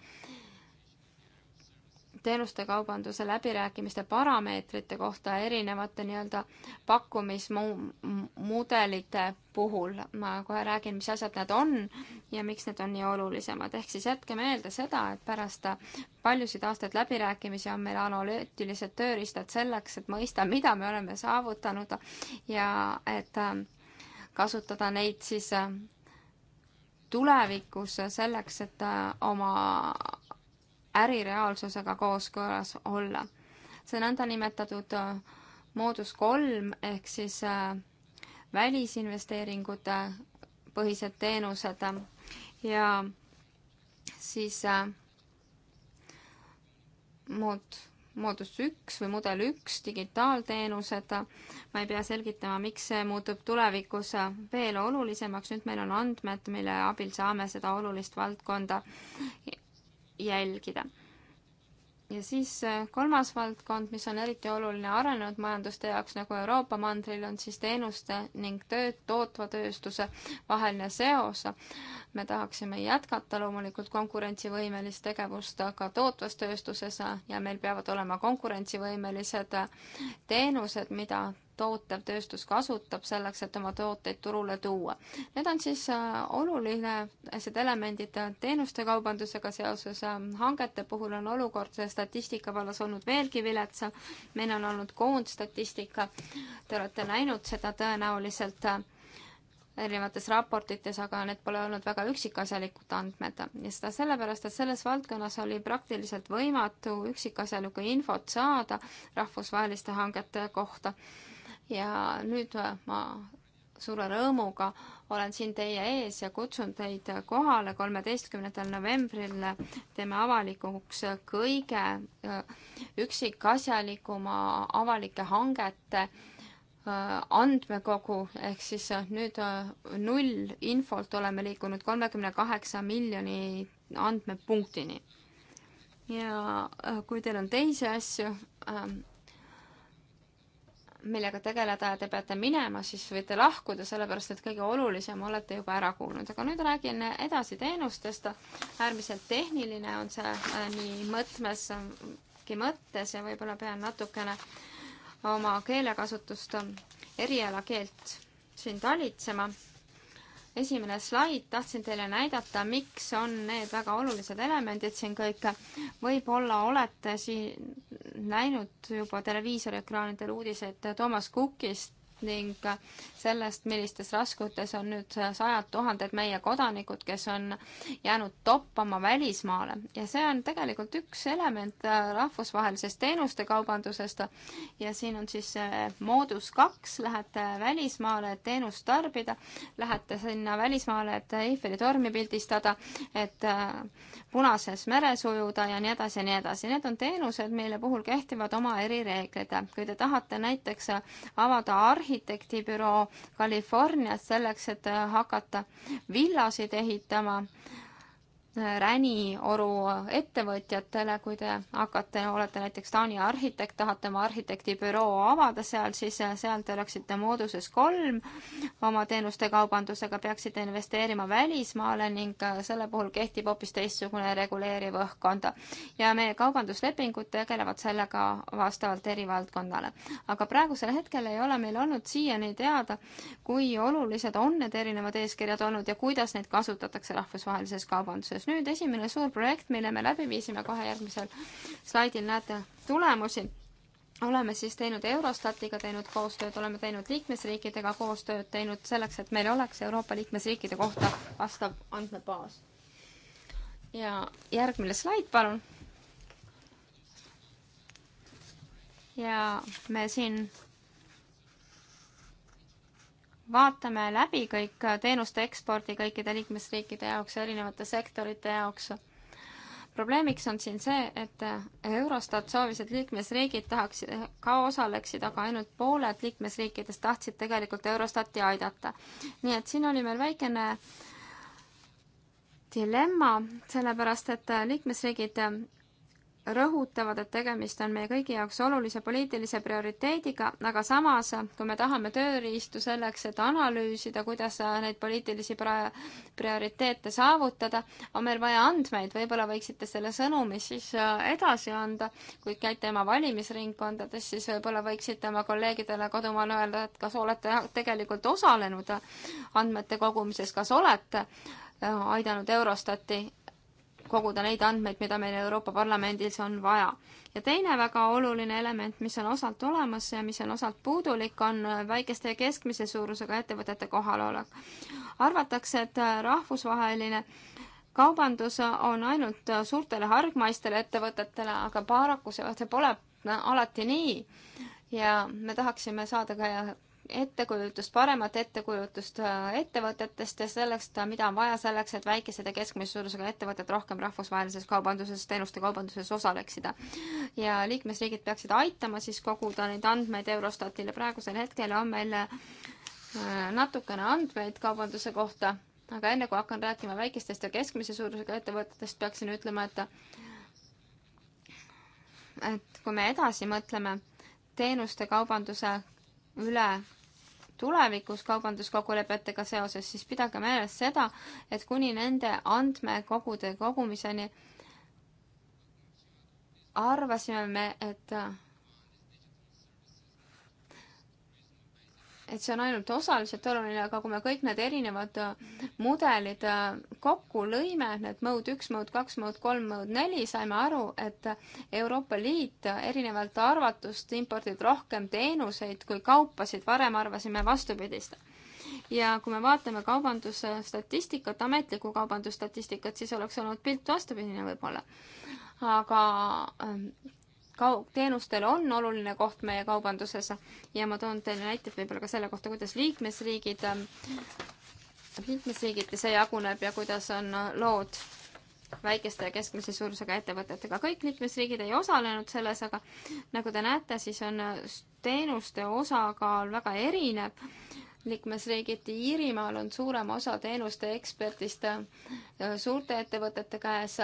teenuste kaubanduse läbirääkimiste parameetrite kohta erinevate nii-öelda pakkumismudelite puhul. ma kohe räägin, mis asjad need on ja miks need on nii olulisemad. ehk siis jätke meelde seda, et pärast paljusid aastaid läbirääkimisi on meil analüütilised tööriistad selleks, et mõista, mida me oleme saavutanud ja et ähm, kasutada neid siis äh, tulevikus selleks, et äh, oma ärireaalsusega kooskõlas olla. see nõndanimetatud äh, moodus kolm ehk siis äh, välisinvesteeringute äh, põhised teenused ja siis mood, moodus üks või mudel üks, digitaalteenused. ma ei pea selgitama, miks see muutub tulevikus veel olulisemaks, nüüd meil on andmed, mille abil saame seda olulist valdkonda jälgida. ja siis äh, kolmas valdkond, mis on eriti oluline arenenud majanduste jaoks nagu Euroopa mandril, on siis teenuste ning tööd tootva tööstuse vaheline seos. me tahaksime jätkata loomulikult konkurentsivõimelist tegevust ka tootvas tööstuses ja meil peavad olema konkurentsivõimelised teenused, mida tootev tööstus kasutab selleks, et oma tooteid turule tuua. Need on siis äh, olulised elemendid teenuste kaubandusega seoses. Äh, hangete puhul on olukord statistika vallas olnud veelgi viletsam. meil on olnud koondstatistika. Te olete näinud seda tõenäoliselt äh, erinevates raportites, aga need pole olnud väga üksikasjalikud andmed ja seda sellepärast, et selles valdkonnas oli praktiliselt võimatu üksikasjalikku infot saada rahvusvaheliste hangete kohta ja nüüd äh, ma suure rõõmuga olen siin teie ees ja kutsun teid kohale kolmeteistkümnendal novembril. teeme avalikuks kõige äh, üksikasjalikuma avalike hangete äh, andmekogu ehk siis nüüd null infolt oleme liikunud kolmekümne kaheksa miljoni andmepunktini. ja kui teil on teisi asju ähm, millega tegeleda ja te peate minema, siis võite lahkuda, sellepärast et kõige olulisem olete juba ära kuulnud. aga nüüd räägin edasi teenustest. äärmiselt tehniline on see äh, nii mõtmeski äh, mõttes ja võib-olla pean natukene oma keelekasutust, äh, erialakeelt siin talitsema esimene slaid, tahtsin teile näidata, miks on need väga olulised elemendid siin kõik. võib-olla olete siin näinud juba televiisoriekraanidel uudiseid Toomas Cookist, ning sellest, millistes raskutes on nüüd sajad tuhanded meie kodanikud, kes on jäänud toppama välismaale ja see on tegelikult üks element äh, rahvusvahelisest teenustekaubandusest. ja siin on siis äh, moodus kaks, lähete välismaale, et teenust tarbida, lähete sinna välismaale, et Eiffeli tormi pildistada, et äh, Punases meres ujuda ja nii edasi ja nii edasi. Need on teenused, mille puhul kehtivad oma erireeglid. kui te tahate näiteks avada arhi-, arhitektibüroo Californias selleks, et hakata villasid ehitama ränioru ettevõtjatele, kui te hakkate, olete näiteks Taani arhitekt, tahate oma arhitektibüroo avada seal, siis seal te oleksite mooduses kolm oma teenuste kaubandusega, peaksite investeerima välismaale ning selle puhul kehtib hoopis teistsugune reguleeriv õhkkond. ja meie kaubanduslepingud tegelevad sellega vastavalt eri valdkonnale. aga praegusel hetkel ei ole meil olnud siiani teada, kui olulised on need erinevad eeskirjad olnud ja kuidas neid kasutatakse rahvusvahelises kaubanduses lahendus. nüüd esimene suur projekt, mille me läbi viisime, kohe järgmisel slaidil näete tulemusi. oleme siis teinud Eurostatiga teinud koostööd, oleme teinud liikmesriikidega koostööd teinud selleks, et meil oleks Euroopa liikmesriikide kohta vastav andmebaas. ja järgmine slaid, palun. ja me siin vaatame läbi kõik teenuste ekspordi kõikide liikmesriikide jaoks ja erinevate sektorite jaoks. probleemiks on siin see, et Eurostat soovis, et liikmesriigid tahaks, ka osaleksid, aga ainult pooled liikmesriikidest tahtsid tegelikult Eurostati aidata. nii et siin oli meil väikene dilemma, sellepärast et liikmesriigid rõhutavad, et tegemist on meie kõigi jaoks olulise poliitilise prioriteediga, aga samas, kui me tahame tööriistu selleks, et analüüsida, kuidas neid poliitilisi prioriteete saavutada, on meil vaja andmeid, võib-olla võiksite selle sõnumi siis äh, edasi anda, kui käite oma valimisringkondades, siis võib-olla võiksite oma kolleegidele kodumaal öelda, et kas olete tegelikult osalenud andmete kogumises, kas olete äh, aidanud Eurostati koguda neid andmeid, mida meil Euroopa Parlamendis on vaja. ja teine väga oluline element, mis on osalt olemas ja mis on osalt puudulik, on väikeste ja keskmise suurusega ettevõtete kohalolek. arvatakse, et rahvusvaheline kaubandus on ainult suurtele hargmaistele ettevõtetele, aga paraku see, see pole alati nii. ja me tahaksime saada ka ettekujutust, paremat ettekujutust äh, ettevõtetest ja sellest, äh, mida on vaja selleks, et väikesed ja keskmise suurusega ettevõtted rohkem rahvusvahelises kaubanduses, teenuste kaubanduses osaleksid. ja liikmesriigid peaksid aitama siis koguda neid andmeid Eurostatile, praegusel hetkel on meil äh, natukene andmeid kaubanduse kohta, aga enne kui hakkan rääkima väikestest ja keskmise suurusega ettevõtetest, peaksin ütlema, et et kui me edasi mõtleme teenuste kaubanduse üle tulevikus kaubanduskogulepetega seoses, siis pidage meeles seda, et kuni nende andmekogude kogumiseni arvasime me, et et see on ainult osaliselt oluline, aga kui me kõik need erinevad äh, mudelid äh, kokku lõime, need mõõd üks, mõõd kaks, mõõd kolm, mõõd neli, saime aru, et äh, Euroopa Liit erinevalt arvatust impordib rohkem teenuseid kui kaupasid, varem arvasime vastupidist. ja kui me vaatame kaubandusstatistikat, ametlikku kaubandusstatistikat, siis oleks olnud pilt vastupidine võib-olla. aga ähm, kau-, teenustel on oluline koht meie kaubanduses ja ma toon teile näiteid võib-olla ka selle kohta, kuidas liikmesriigid, liikmesriigiti see jaguneb ja kuidas on lood väikeste ja keskmise suurusega ettevõtetega. kõik liikmesriigid ei osalenud selles, aga nagu te näete, siis on teenuste osakaal väga erinev liikmesriigiti. Iirimaal on suurem osa teenuste ekspertist suurte ettevõtete käes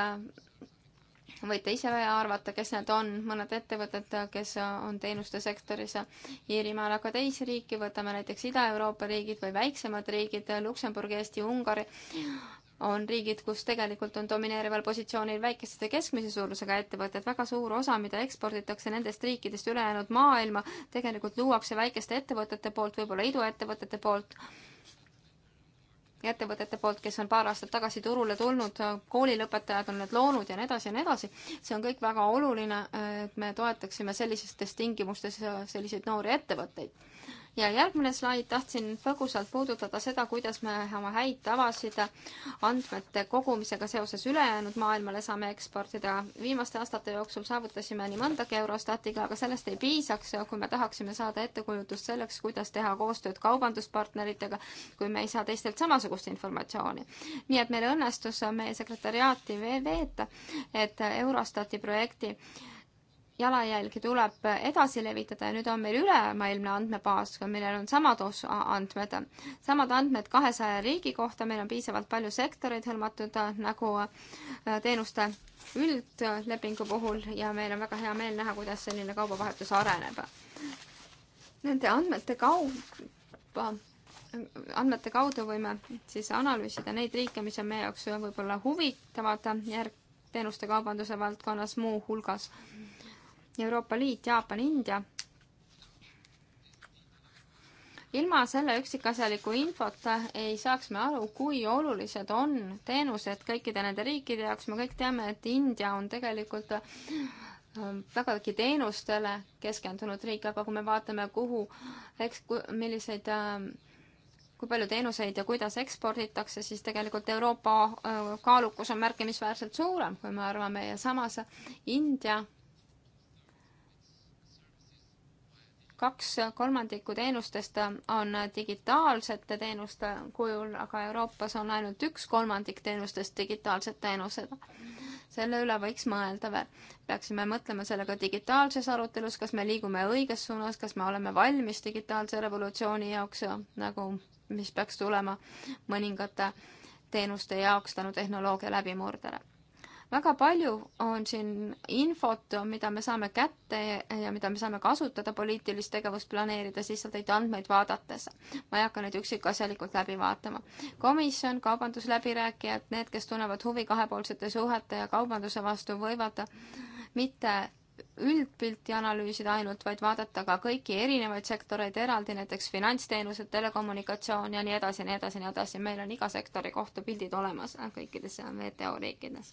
võite ise arvata, kes need on, mõned ettevõtted, kes on teenuste sektoris Iirimaal, aga teisi riike, võtame näiteks Ida-Euroopa riigid või väiksemad riigid, Luksemburg, Eesti, Ungari, on riigid, kus tegelikult on domineerival positsioonil väikesed ja keskmise suurusega ettevõtted, väga suur osa, mida eksporditakse nendest riikidest ülejäänud maailma, tegelikult luuakse väikeste ettevõtete poolt, võib-olla iduettevõtete poolt ja ettevõtete poolt, kes on paar aastat tagasi turule tulnud, koolilõpetajad on need loonud ja nii edasi ja nii edasi. see on kõik väga oluline, et me toetaksime sellistes tingimustes selliseid noori ettevõtteid ja järgmine slaid, tahtsin põgusalt puudutada seda, kuidas me oma häid tavasid andmete kogumisega seoses ülejäänud maailmale saame eksportida. viimaste aastate jooksul saavutasime nii mõndagi Eurostatiga, aga sellest ei piisaks, kui me tahaksime saada ettekujutust selleks, kuidas teha koostööd kaubanduspartneritega, kui me ei saa teistelt samasugust informatsiooni. nii et meil õnnestus meie sekretäriaati veeta, et Eurostati projekti jalajälgi tuleb edasi levitada ja nüüd on meil ülemaailmne andmebaas, millel on samad os-, andmed, samad andmed kahesaja riigi kohta, meil on piisavalt palju sektoreid hõlmatud, nagu äh, teenuste üldlepingu puhul ja meil on väga hea meel näha, kuidas selline kaubavahetus areneb. Nende andmete kaupa andmete kaudu võime siis analüüsida neid riike, mis on meie jaoks võib-olla huvitavad järg-, teenuste kaubanduse valdkonnas muuhulgas mm Euroopa Liit, Jaapan, India. ilma selle üksikasjaliku infota ei saaks me aru, kui olulised on teenused kõikide nende riikide jaoks, me kõik teame, et India on tegelikult ähm, vägagi teenustele keskendunud riik, aga kui me vaatame, kuhu, eks, milliseid ähm, kui palju teenuseid ja kuidas eksporditakse, siis tegelikult Euroopa äh, kaalukus on märkimisväärselt suurem, kui me arvame ja samas India kaks kolmandikku teenustest on digitaalsete teenuste kujul, aga Euroopas on ainult üks kolmandik teenustest digitaalsed teenused. selle üle võiks mõelda veel. peaksime mõtlema sellega digitaalses arutelus, kas me liigume õiges suunas, kas me oleme valmis digitaalse revolutsiooni jaoks nagu, mis peaks tulema mõningate teenuste jaoks tänu tehnoloogia läbimurdele väga palju on siin infot, mida me saame kätte ja mida me saame kasutada poliitilist tegevust planeerida lihtsalt neid andmeid vaadates. ma ei hakka neid üksikasjalikult läbi vaatama. komisjon, kaubandusläbirääkijad, need, kes tunnevad huvi kahepoolsete suhete ja kaubanduse vastu, võivad mitte üldpilti analüüsida ainult, vaid vaadata ka kõiki erinevaid sektoreid eraldi, näiteks finantsteenused, telekommunikatsioon ja nii edasi ja nii edasi ja nii edasi. meil on iga sektori kohta pildid olemas kõikides WTO riikides.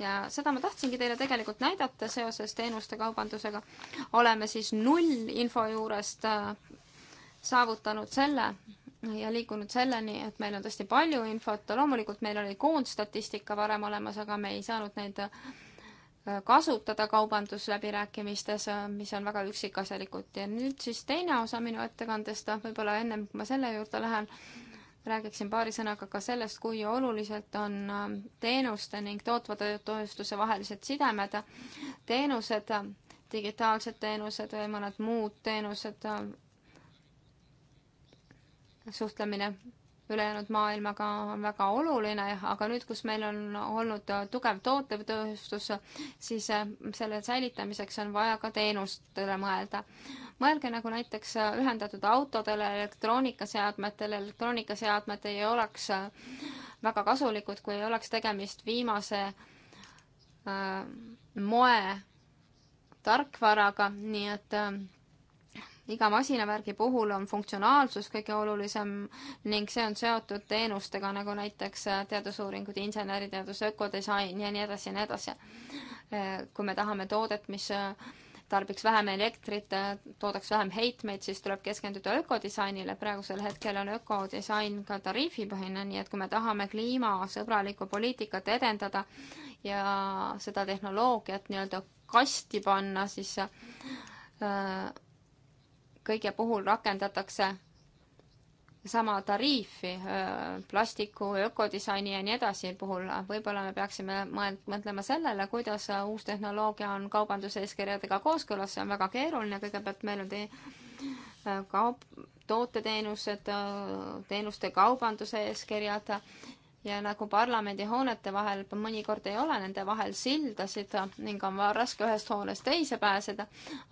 ja seda ma tahtsingi teile tegelikult näidata seoses teenuste kaubandusega. oleme siis null info juurest äh, saavutanud selle, ja liikunud selleni, et meil on tõesti palju infot, loomulikult meil oli koondstatistika varem olemas, aga me ei saanud neid kasutada kaubandusläbirääkimistes, mis on väga üksikasjalikud. ja nüüd siis teine osa minu ettekandest, võib-olla ennem kui ma selle juurde lähen, räägiksin paari sõnaga ka sellest, kui oluliselt on ähm, teenuste ning tootva tööstuse vahelised sidemed. teenused, digitaalsed teenused või mõned muud teenused, ähm, suhtlemine ülejäänud maailmaga on väga oluline, aga nüüd, kus meil on olnud tugev tootetööstus, siis äh, selle säilitamiseks on vaja ka teenustele mõelda. mõelge nagu näiteks äh, ühendatud autodele, elektroonikaseadmetele, elektroonikaseadmed ei oleks äh, väga kasulikud, kui ei oleks tegemist viimase äh, moe tarkvaraga, nii et äh, iga masinavärgi puhul on funktsionaalsus kõige olulisem ning see on seotud teenustega, nagu näiteks äh, teadusuuringud, inseneriteadus, ökodisain ja nii edasi ja nii edasi. Äh, kui me tahame toodet, mis äh, tarbiks vähem elektrit, toodaks vähem heitmeid, siis tuleb keskenduda ökodisainile. praegusel hetkel on ökodisain ka tariifipõhine, nii et kui me tahame kliimasõbralikku poliitikat edendada ja seda tehnoloogiat nii-öelda kasti panna, siis äh, kõige puhul rakendatakse sama tariifi plastiku, ökodisaini ja nii edasi puhul, võib-olla me peaksime mõtlema sellele, kuidas uus tehnoloogia on kaubanduseeskirjadega kooskõlas, see on väga keeruline, kõigepealt meil on kaup, tooteteenused, teenuste kaubanduse eeskirjad ja nagu parlamendihoonete vahel mõnikord ei ole nende vahel sildasid ning on raske ühest hoonest teise pääseda,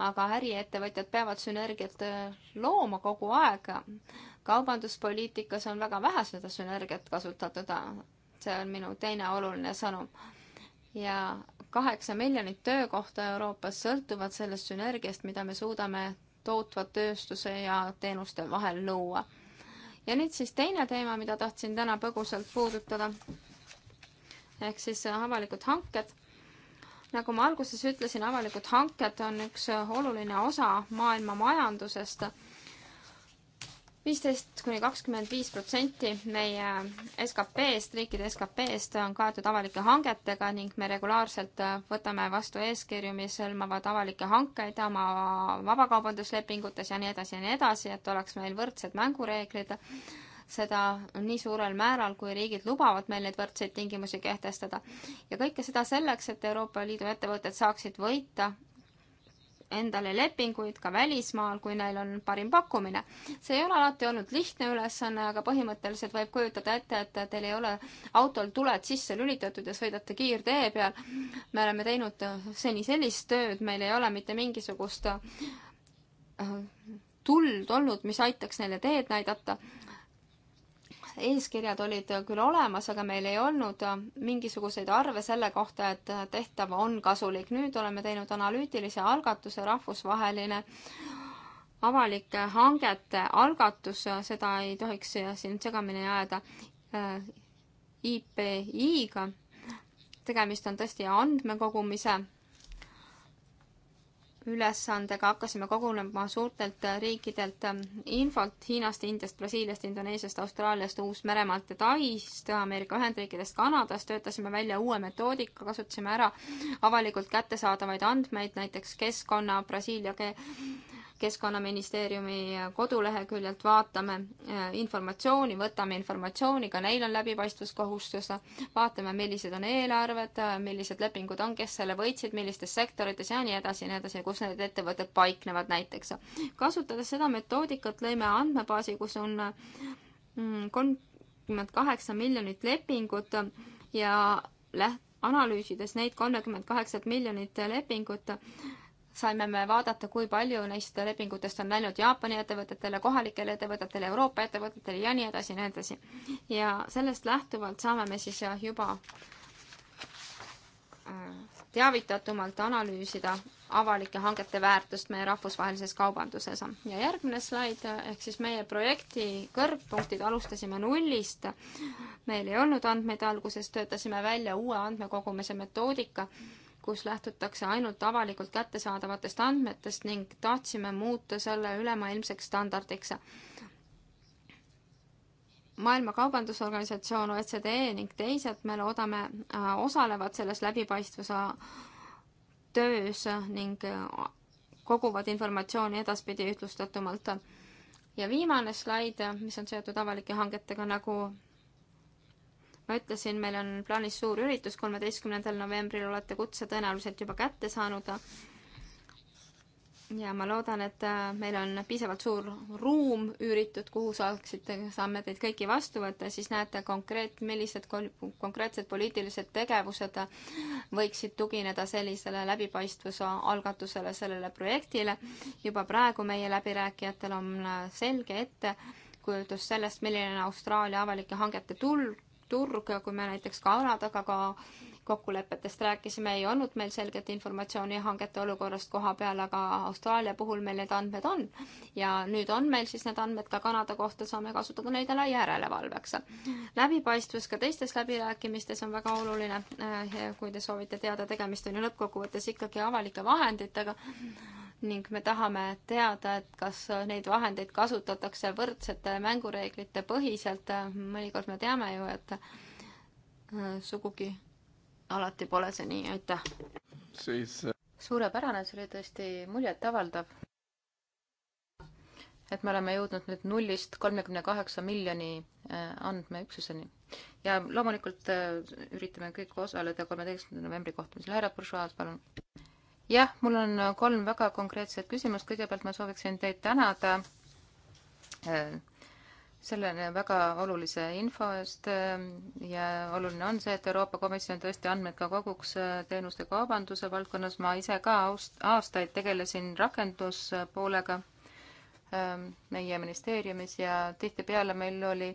aga äriettevõtjad peavad sünergiat äh, looma kogu aeg. kaubanduspoliitikas on väga vähe seda sünergiat kasutatud, see on minu teine oluline sõnum. ja kaheksa miljonit töökohta Euroopas sõltuvad sellest sünergiast, mida me suudame tootva tööstuse ja teenuste vahel luua ja nüüd siis teine teema, mida tahtsin täna põgusalt puudutada, ehk siis äh, avalikud hanked. nagu ma alguses ütlesin, avalikud hanked on üks äh, oluline osa maailma majandusest viisteist kuni kakskümmend viis protsenti meie SKP-st, riikide SKP-st on kaetud avalike hangetega ning me regulaarselt äh, võtame vastu eeskirju, mis hõlmavad avalikke hankeid oma vabakaubanduslepingutes ja nii edasi ja nii edasi, et oleks meil võrdsed mängureeglid seda nii suurel määral, kui riigid lubavad meil neid võrdseid tingimusi kehtestada. ja kõike seda selleks, et Euroopa Liidu ettevõtted saaksid võita endale lepinguid ka välismaal, kui neil on parim pakkumine. see ei ole alati olnud lihtne ülesanne, aga põhimõtteliselt võib kujutada ette, et teil ei ole autol tuled sisse lülitatud ja sõidate kiirtee peal. me oleme teinud seni sellist tööd, meil ei ole mitte mingisugust äh, tuld olnud, mis aitaks neile teed näidata eeskirjad olid küll olemas, aga meil ei olnud äh, mingisuguseid arve selle kohta, et äh, tehtav on kasulik. nüüd oleme teinud analüütilise algatuse, rahvusvaheline avalike hangete algatus, äh, seda ei tohiks siin segamini ajada IPI-ga. tegemist on tõesti andmekogumise ülesandega hakkasime kogunema suurtelt äh, riikidelt ähm, infot Hiinast, Indiast, Brasiiliast, Indoneesiast, Austraaliast, Uus-Meremaalt ja Taist, Ameerika Ühendriikidest, Kanadast, töötasime välja uue metoodika, kasutasime ära avalikult kättesaadavaid andmeid, näiteks keskkonna, Brasiilia Keskkonnaministeeriumi koduleheküljelt vaatame äh, informatsiooni, võtame informatsiooni, ka neil on läbipaistvuskohustus, vaatame, millised on eelarved, äh, millised lepingud on, kes selle võitsid, millistes sektorites ja nii edasi ja nii edasi, kus need ettevõtted paiknevad näiteks. kasutades seda metoodikat, lõime andmebaasi, kus on mm, kolmkümmend kaheksa miljonit lepingut ja läht-, analüüsides neid kolmekümmet kaheksat miljonit lepingut, saime me vaadata, kui palju neist lepingutest on läinud Jaapani ettevõtetele, kohalikele ettevõtetele, Euroopa ettevõtetele ja nii edasi ja nii edasi. ja sellest lähtuvalt saame me siis juba äh, teavitatumalt analüüsida avalike hangete väärtust meie rahvusvahelises kaubanduses. ja järgmine slaid, äh, ehk siis meie projekti kõrgpunktid, alustasime nullist, meil ei olnud andmeid alguses, töötasime välja uue andmekogumise metoodika kus lähtutakse ainult avalikult kättesaadavatest andmetest ning tahtsime muuta selle ülemaailmseks standardiks. maailma Kaubandusorganisatsioon, OECD ning teised, me loodame, äh, osalevad selles läbipaistvuse töös ning äh, koguvad informatsiooni edaspidi ühtlustatumalt. ja viimane slaid, mis on seotud avalike hangetega, nagu ma ütlesin, meil on plaanis suur üritus, kolmeteistkümnendal novembril olete kutse tõenäoliselt juba kätte saanud. ja ma loodan, et äh, meil on piisavalt suur ruum üüritud, kuhu saaksite, saame teid kõiki vastu võtta, siis näete konkreet-, millised kol-, konkreetsed poliitilised tegevused võiksid tugineda sellisele läbipaistvuse algatusele, sellele projektile. juba praegu meie läbirääkijatel on selge ettekujutus sellest, milline on Austraalia avalike hangete tulg, turg, kui me näiteks Kanadaga ka kokkulepetest rääkisime, ei olnud meil selget informatsiooni hangete olukorrast koha peal, aga Austraalia puhul meil need andmed on. ja nüüd on meil siis need andmed ka Kanada kohta, saame kasutada neid jälle järelevalveks. läbipaistvus ka teistes läbirääkimistes on väga oluline. kui te soovite teada, tegemist on ju lõppkokkuvõttes ikkagi avalike vahenditega ning me tahame teada, et kas neid vahendeid kasutatakse võrdsete mängureeglite põhiselt. mõnikord me teame ju, et äh, sugugi alati pole see nii, aitäh. siis. Äh, suurepärane, see oli tõesti muljetavaldav. et me oleme jõudnud nüüd nullist kolmekümne kaheksa miljoni äh, andmeüksuseni ja loomulikult üritame kõik osaleda kolmeteistkümnenda novembri kohtumisel. härra Buržuaas, palun jah, mul on äh, kolm väga konkreetset küsimust, kõigepealt ma sooviksin teid tänada äh, selle väga olulise info eest äh, ja oluline on see, et Euroopa Komisjon tõesti andmeid ka koguks teenuste kaubanduse valdkonnas, ma ise ka aust-, aastaid tegelesin rakenduspoolega ähm, meie ministeeriumis ja tihtipeale meil oli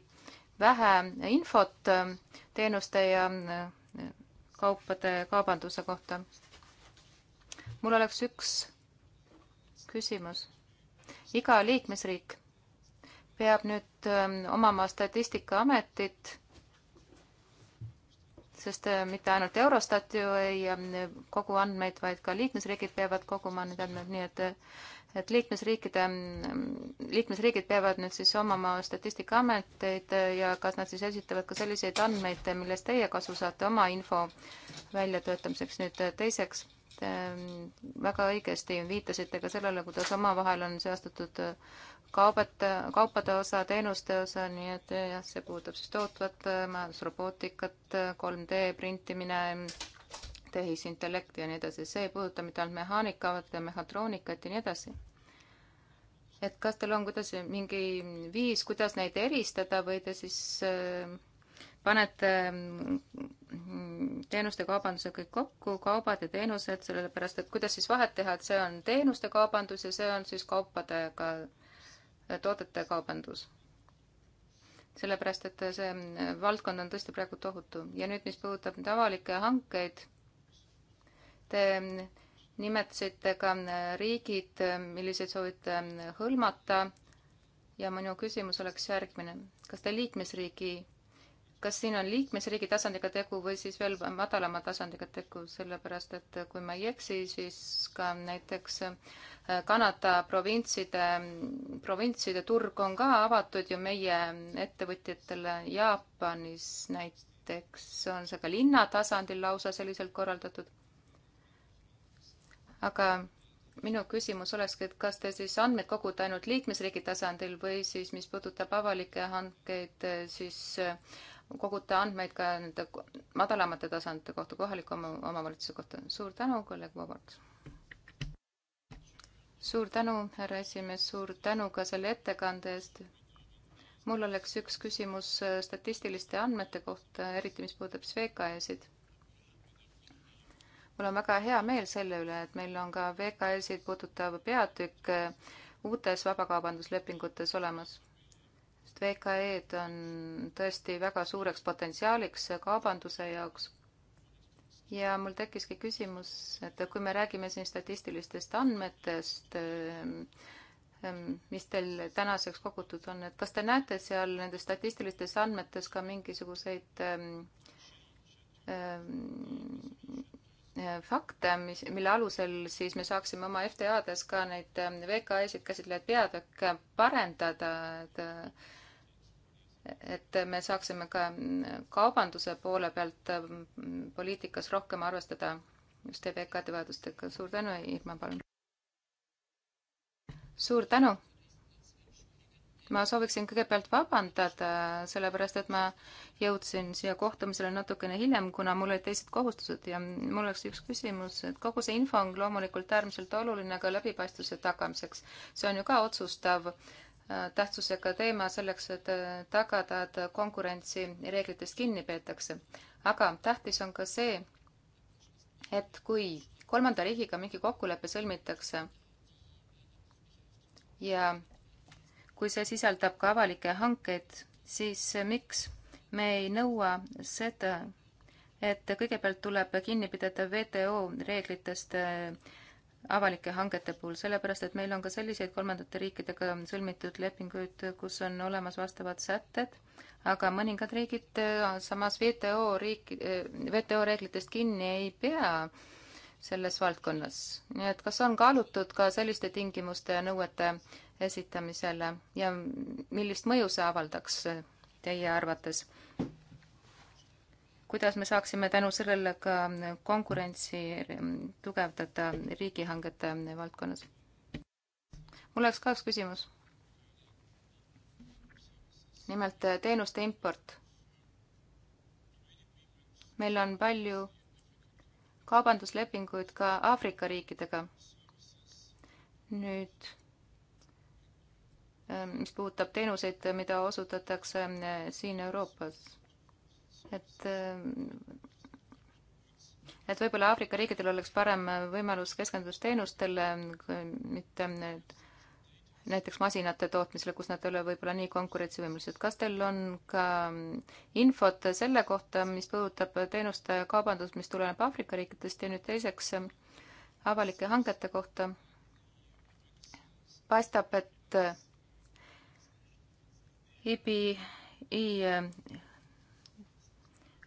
vähe infot teenuste ja kaupade kaubanduse kohta mul oleks üks küsimus. iga liikmesriik peab nüüd ähm, omama Statistikaametit, sest äh, mitte ainult Eurostat ju ei ähm, kogu andmeid, vaid ka liikmesriigid peavad koguma neid andmeid, nii et äh, et liikmesriikide, ähm, liikmesriigid peavad nüüd siis omama Statistikaameteid äh, ja kas nad siis esitavad ka selliseid andmeid, millest teie kasu saate oma info väljatöötamiseks. nüüd teiseks, Te ähm, väga õigesti viitasite ka sellele, kuidas omavahel on seostatud äh, kaubete, äh, kaupade osa, teenuste osa, nii et äh, jah, see puudutab siis tootvat majandusrobootikat, 3D printimine, tehisintellekt ja nii edasi, see ei puuduta mitte ainult mehaanikat ja mehhatroonikat ja nii edasi et kas teil on kuidas mingi viis, kuidas neid eristada või te siis äh, panete mm, teenuste kaubanduse kõik kokku, kaubad ja teenused, sellepärast et kuidas siis vahet teha, et see on teenuste kaubandus ja see on siis kaupadega ka,, toodete kaubandus. sellepärast, et see mm, valdkond on tõesti praegu tohutu ja nüüd, mis puudutab nüüd avalikke hankeid, te mm, nimetasite ka riigid, milliseid soovite hõlmata ja minu küsimus oleks järgmine. kas te liikmesriigi kas siin on liikmesriigi tasandiga tegu või siis veel madalama tasandiga tegu, sellepärast et kui ma ei eksi, siis ka näiteks äh, Kanada provintside, provintside turg on ka avatud ju meie ettevõtjatele Jaapanis näiteks, on see ka linna tasandil lausa selliselt korraldatud. aga minu küsimus olekski, et kas te siis andmeid kogute ainult liikmesriigi tasandil või siis, mis puudutab avalikke hankeid, siis äh, kogute andmeid ka nende madalamate tasandite kohta, kohaliku omavalitsuse kohta. suur tänu, kolleeg Vabart. suur tänu, härra esimees, suur tänu ka selle ettekande eest. mul oleks üks küsimus äh, statistiliste andmete kohta, eriti mis puudutab VKE-sid. mul on väga hea meel selle üle, et meil on ka VKE-sid puudutav peatükk äh, uutes vabakaubanduslepingutes olemas sest VKE-d on tõesti väga suureks potentsiaaliks kaubanduse jaoks. ja mul tekkiski küsimus, et kui me räägime siin statistilistest andmetest, ehm, ehm, mis teil tänaseks kogutud on, et kas te näete seal nendes statistilistes andmetes ka mingisuguseid ehm, fakte, mis, mille alusel siis me saaksime oma FTA-des ka neid ähm, VKE-sid käsitlevaid peatükke parendada, et et me saaksime ka mm, kaubanduse poole pealt mm, poliitikas rohkem arvestada just e VKE-de vajadustega. suur tänu, Irma, palun! suur tänu! ma sooviksin kõigepealt vabandada, sellepärast et ma jõudsin siia kohtumisele natukene hiljem, kuna mul olid teised kohustused ja mul oleks üks küsimus, et kogu see info on loomulikult äärmiselt oluline ka läbipaistvuse tagamiseks. see on ju ka otsustav äh, tähtsusega teema selleks, et äh, tagada, et konkurentsi reeglitest kinni peetakse. aga tähtis on ka see, et kui kolmanda riigiga mingi kokkulepe sõlmitakse ja kui see sisaldab ka avalikke hankeid, siis miks me ei nõua seda, et kõigepealt tuleb kinni pidada WTO reeglitest äh, avalike hangete puhul, sellepärast et meil on ka selliseid kolmandate riikidega sõlmitud lepinguid, kus on olemas vastavad sätted, aga mõningad riigid äh, samas WTO riik, äh, WTO reeglitest kinni ei pea selles valdkonnas. nii et kas on kaalutud ka selliste tingimuste ja nõuete äh, esitamisele ja millist mõju see avaldaks teie arvates? kuidas me saaksime tänu sellele ka konkurentsi tugevdada riigihangete valdkonnas? mul oleks ka üks küsimus. nimelt teenuste import. meil on palju kaubanduslepinguid ka Aafrika riikidega. nüüd Äh, mis puudutab teenuseid, mida osutatakse äh, siin Euroopas. et, äh, et võib-olla Aafrika riikidel oleks parem võimalus keskendusteenustele, mitte need, näiteks masinate tootmisele, kus nad ei ole võib-olla nii konkurentsivõimelised. kas teil on ka infot selle kohta, mis puudutab teenuste kaubandust, mis tuleneb Aafrika riikidest ja nüüd teiseks avalike hangete kohta? paistab, et IBI äh,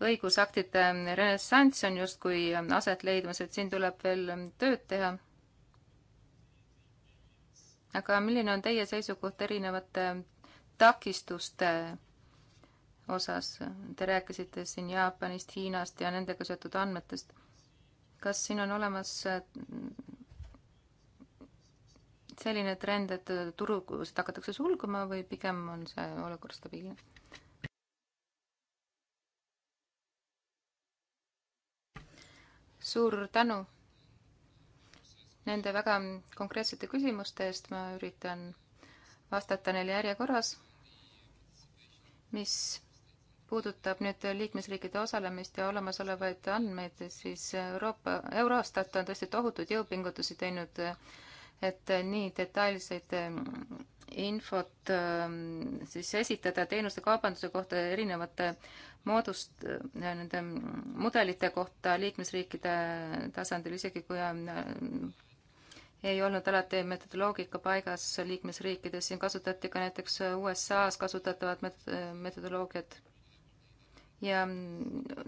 õigusaktide renessanss on justkui äh, aset leidmas, et siin tuleb veel äh, tööd teha. aga milline on teie seisukoht erinevate takistuste osas? Te rääkisite siin Jaapanist, Hiinast ja nendega seotud andmetest. kas siin on olemas selline trend, et turgusid hakatakse sulguma või pigem on see olukord stabiilne? suur tänu nende väga konkreetsete küsimuste eest, ma üritan vastata neile järjekorras, mis puudutab nüüd liikmesriikide osalemist ja olemasolevaid andmeid, siis Euroopa, Eurostat on tõesti tohutuid jõupingutusi teinud äh, et äh, nii detailseid ähm, infot ähm, siis esitada teenuste kaubanduse kohta erinevate moodust, äh, nende mudelite kohta liikmesriikide tasandil, isegi kui on äh, ei olnud alati metodoloogika paigas liikmesriikides, siin kasutati ka näiteks USA-s kasutatavat metodoloogiat ja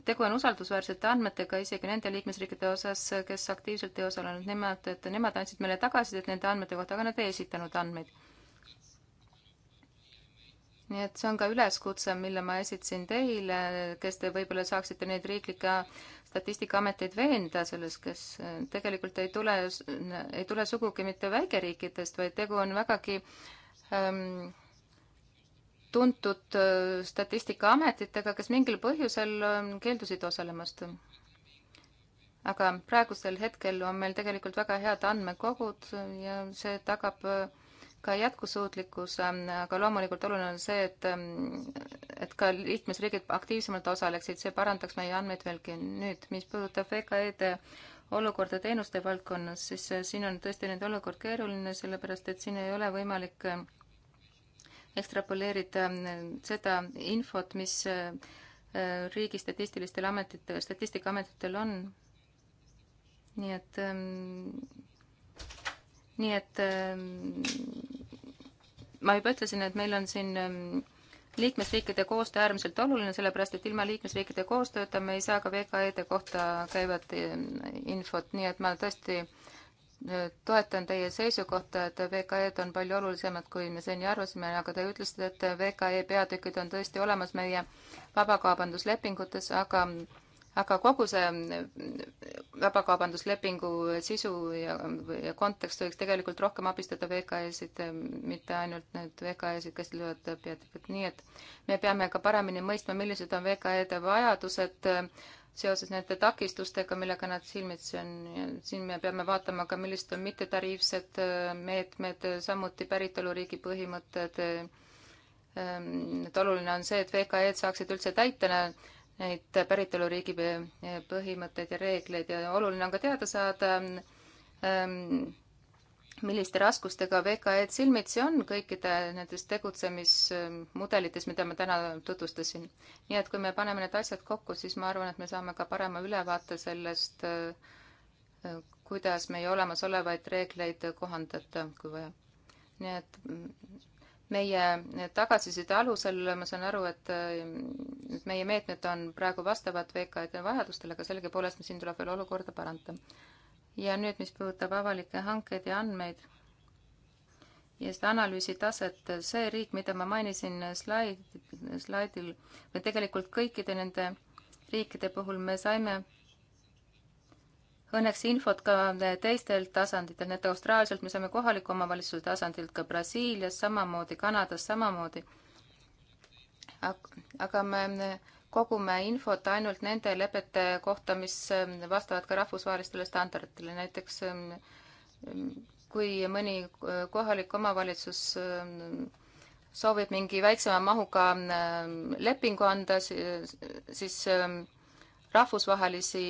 tegu on usaldusväärsete andmetega isegi nende liikmesriikide osas, kes aktiivselt ei osalenud, nemad, et nemad andsid meile tagasisidet nende andmete kohta, aga nad ei esitanud andmeid. nii et see on ka üleskutse, mille ma esitasin teile, kes te võib-olla saaksite neid riiklikke statistikaameteid veenda selles, kes tegelikult ei tule, ei tule sugugi mitte väikeriikidest, vaid tegu on vägagi ähm, tuntud äh, statistikaametitega, kes mingil põhjusel keeldusid osalemast. aga praegusel hetkel on meil tegelikult väga head andmekogud ja see tagab äh, ka jätkusuutlikkuse, aga loomulikult oluline on see, et, äh, et ka liikmesriigid aktiivsemalt osaleksid, see parandaks meie andmeid veelgi. nüüd, mis puudutab VKE-de olukorda teenuste valdkonnas, siis siin on tõesti nüüd olukord keeruline, sellepärast et siin ei ole võimalik äh, ekstrapoleerida ähm, seda infot, mis äh, äh, riigi statistilistel ametitel, statistikaametitel on. nii et, ähm, nii et ähm, ma juba ütlesin, et meil on siin liikmesriikide koostöö äärmiselt oluline, sellepärast et ilma liikmesriikide koostööta me ei saa ka VKE-de kohta käivat infot, nii et ma tõesti äh, toetan teie seisukohta, et VKE-d on palju olulisemad, kui me seni arvasime, aga te ütlesite, et VKE peatükid on tõesti olemas meie vabakaubanduslepingutes, aga aga kogu see vabakaubanduslepingu sisu ja, ja kontekst võiks tegelikult rohkem abistada VKE-sid, mitte ainult need VKE-sid, kes löövad peatükid, nii et me peame ka paremini mõistma, millised on VKE-de vajadused äh, seoses nende takistustega, millega nad silmitsi on. siin me peame vaatama ka, millised on mittetariifsed äh, meetmed, samuti päritoluriigi põhimõtted. Ähm, et oluline on see, et VKE-d saaksid üldse täita neid päritoluriigi põhimõtteid ja reegleid ja oluline on ka teada saada ähm, milliste raskustega VKE-d silmitsi on kõikide nendes tegutsemismudelites, mida ma täna tutvustasin. nii et kui me paneme need asjad kokku, siis ma arvan, et me saame ka parema ülevaate sellest, äh, kuidas meie olemasolevaid reegleid kohandada, kui vaja. nii et mm, meie tagasiside alusel ma saan aru, et, äh, et meie meetmed on praegu vastavad VKE-de vajadustele, aga sellegipoolest siin tuleb veel olukorda parandada ja nüüd, mis puudutab avalikke hankeid ja andmeid ja seda analüüsi taset, see riik, mida ma mainisin slaid, slaidil, või tegelikult kõikide nende riikide puhul me saime õnneks infot ka teistelt tasanditelt, näiteks Austraalialt me saime kohaliku omavalitsuse tasandilt, ka Brasiilias samamoodi, Kanadas samamoodi. aga me kogume infot ainult nende lepete kohta, mis ähm, vastavad ka rahvusvahelistele standarditele, näiteks ähm, ähm, kui mõni äh, kohalik omavalitsus soovib mingi väiksema mahuga lepingu anda, siis rahvusvahelisi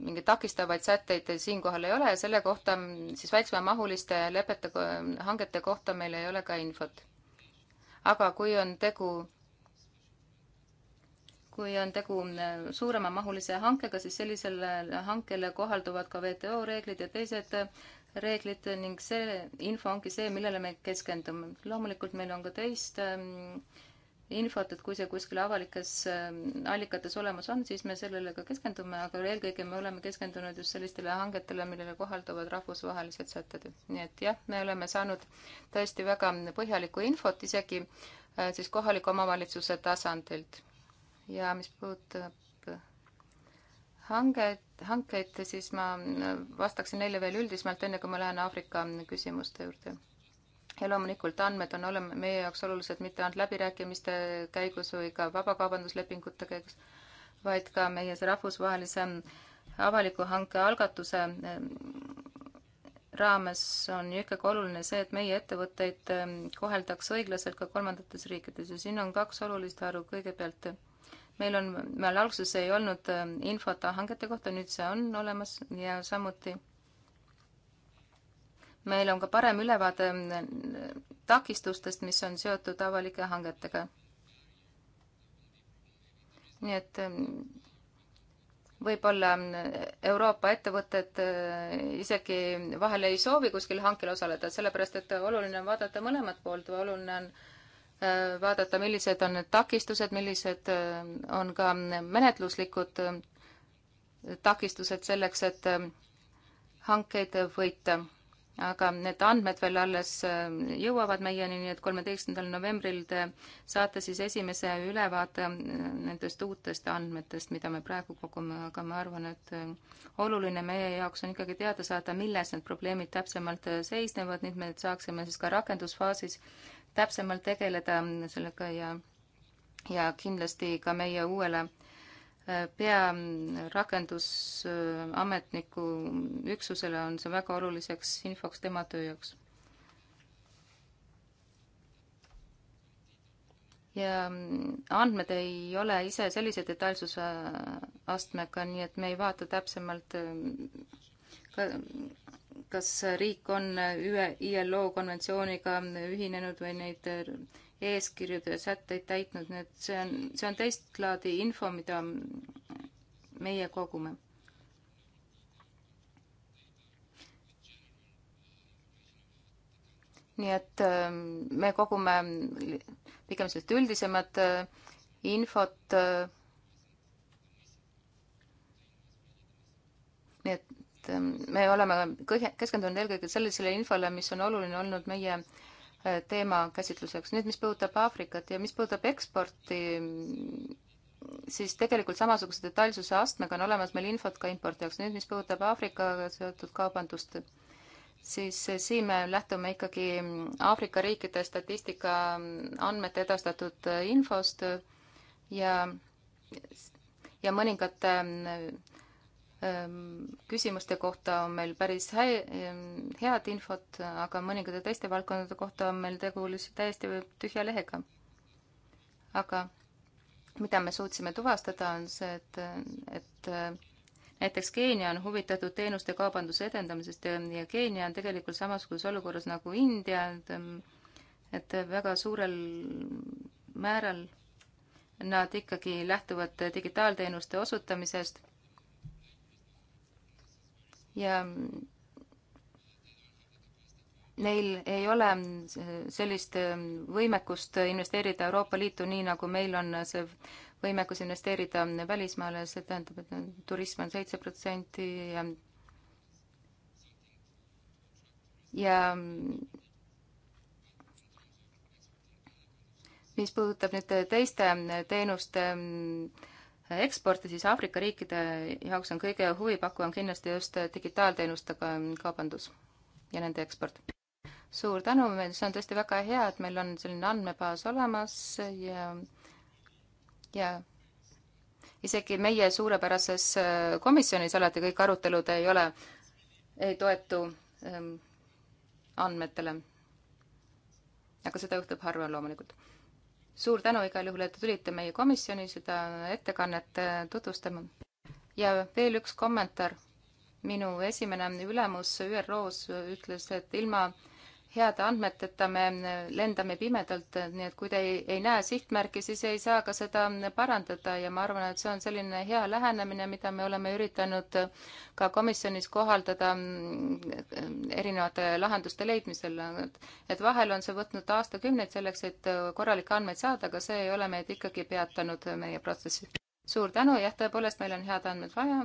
mingeid takistavaid sätteid siinkohal ei ole ja selle kohta siis väiksemamahuliste lepete, hangete kohta meil ei ole ka infot. aga kui on tegu kui on tegu äh, suuremamahulise hankega, siis sellisele äh, hankele kohalduvad ka WTO reeglid ja teised äh, reeglid ning see info ongi see, millele me keskendume. loomulikult meil on ka teist ähm, infot, et kui see kuskil avalikes ähm, allikates olemas on, siis me sellele ka keskendume, aga eelkõige me oleme keskendunud just sellistele hangetele, millele kohalduvad rahvusvahelised sätted. nii et jah, me oleme saanud tõesti väga põhjalikku infot isegi siis kohaliku omavalitsuse tasandilt ja mis puudutab hanget, hankeid, siis ma vastaksin neile veel üldisemalt, enne kui ma lähen Aafrika küsimuste juurde. ja loomulikult andmed on olema meie jaoks olulised mitte ainult läbirääkimiste käigus või ka vabakaubanduslepingute käigus, vaid ka meie see rahvusvahelise avaliku hanke algatuse raames on ju ikkagi oluline see, et meie ettevõtteid koheldaks õiglaselt ka kolmandates riikides ja siin on kaks olulist haru, kõigepealt meil on, meil alguses ei olnud ähm, infot hangete kohta, nüüd see on olemas ja samuti meil on ka parem ülevaade ähm, takistustest, mis on seotud avalike hangetega. nii et ähm, võib-olla Euroopa ettevõtted äh, isegi vahel ei soovi kuskil hankel osaleda, sellepärast et oluline on vaadata mõlemat poolt või oluline on äh, Äh, vaadata, millised on need takistused, millised äh, on ka menetluslikud äh, takistused selleks, et hankeid võita. aga need andmed veel alles jõuavad meieni, nii et kolmeteistkümnendal novembril te saate siis esimese ülevaate nendest uutest andmetest, mida me praegu kogume, aga ma arvan, et oluline meie jaoks on ikkagi teada saada, milles need probleemid täpsemalt seisnevad, nii et me saaksime siis ka rakendusfaasis äh, täpsemalt tegeleda sellega ja, ja kindlasti ka meie uuele äh, pearakendusametniku üksusele on see väga oluliseks infoks tema töö jaoks ja andmed ei ole ise sellise detailsuse astmega, nii et me ei vaata täpsemalt äh, ka kas riik on ühe ILO konventsiooniga ühinenud või neid eeskirjude sätteid täitnud, nii et see on, see on teist laadi info, mida meie kogume. nii et ähm, me kogume pigem sellist üldisemat äh, infot. Äh, nii et et ähm, me oleme keskendunud eelkõige sellisele infole, mis on oluline olnud meie äh, teema käsitluseks. nüüd, mis puudutab Aafrikat ja mis puudutab eksporti, siis tegelikult samasuguse detailsuse astmega on olemas meil infot ka impordi jaoks. nüüd, mis puudutab Aafrikaga seotud kaubandust, siis äh, siin me lähtume ikkagi mm, Aafrika riikide statistika mm, andmete edastatud äh, infost ja, ja mõningate äh, Ehm, küsimuste kohta on meil päris hä-, ehm, head infot, aga mõningate teiste valdkondade kohta on meil tegu lihtsalt täiesti tühja lehega. aga mida me suutsime tuvastada, on see, et, et näiteks Keenia on huvitatud teenuste kaubanduse edendamisest ja Keenia on tegelikult samasuguses olukorras nagu India, et, et väga suurel määral nad ikkagi lähtuvad digitaalteenuste osutamisest ja neil ei ole sellist võimekust investeerida Euroopa Liitu, nii nagu meil on see võimekus investeerida välismaale, see tähendab, et turism on seitse protsenti ja ja mis puudutab nüüd teiste teenuste eksporti, siis Aafrika riikide jaoks on kõige huvipakkuvam kindlasti just digitaalteenustega kaubandus ja nende eksport. suur tänu, see on tõesti väga hea, et meil on selline andmebaas olemas ja, ja isegi meie suurepärases äh, komisjonis alati kõik arutelud ei ole, ei toetu ähm, andmetele. aga seda juhtub harva loomulikult suur tänu igal juhul, et te tulite meie komisjoni seda ettekannet äh, tutvustama. ja veel üks kommentaar. minu esimene ülemus ÜRO-s ütles, et ilma äh, heade andmeteta me lendame pimedalt, nii et kui te ei, ei näe sihtmärki, siis ei saa ka seda parandada ja ma arvan, et see on selline hea lähenemine, mida me oleme üritanud ka komisjonis kohaldada mm, erinevate lahenduste leidmisel. et vahel on see võtnud aastakümneid selleks, et korralikke andmeid saada, aga see ei ole meid ikkagi peatanud meie protsessi suur tänu, jah, tõepoolest, meil on head andmed vaja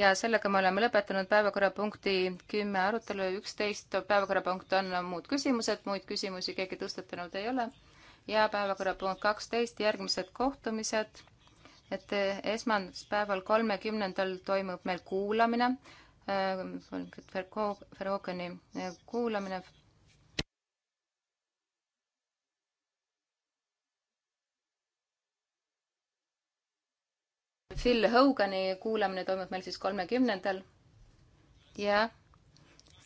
ja sellega me oleme lõpetanud päevakorrapunkti kümme arutelu, üksteist päevakorrapunkt on muud küsimused, muid küsimusi keegi tõstatanud ei ole. ja päevakorrapunkt kaksteist, järgmised kohtumised. et esmaspäeval, kolmekümnendal toimub meil kuulamine, äh, Verhoogeni kuulamine Phil Hogani kuulamine toimub meil siis kolmekümnendal. ja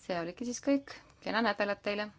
see oligi siis kõik. kena nädalat teile!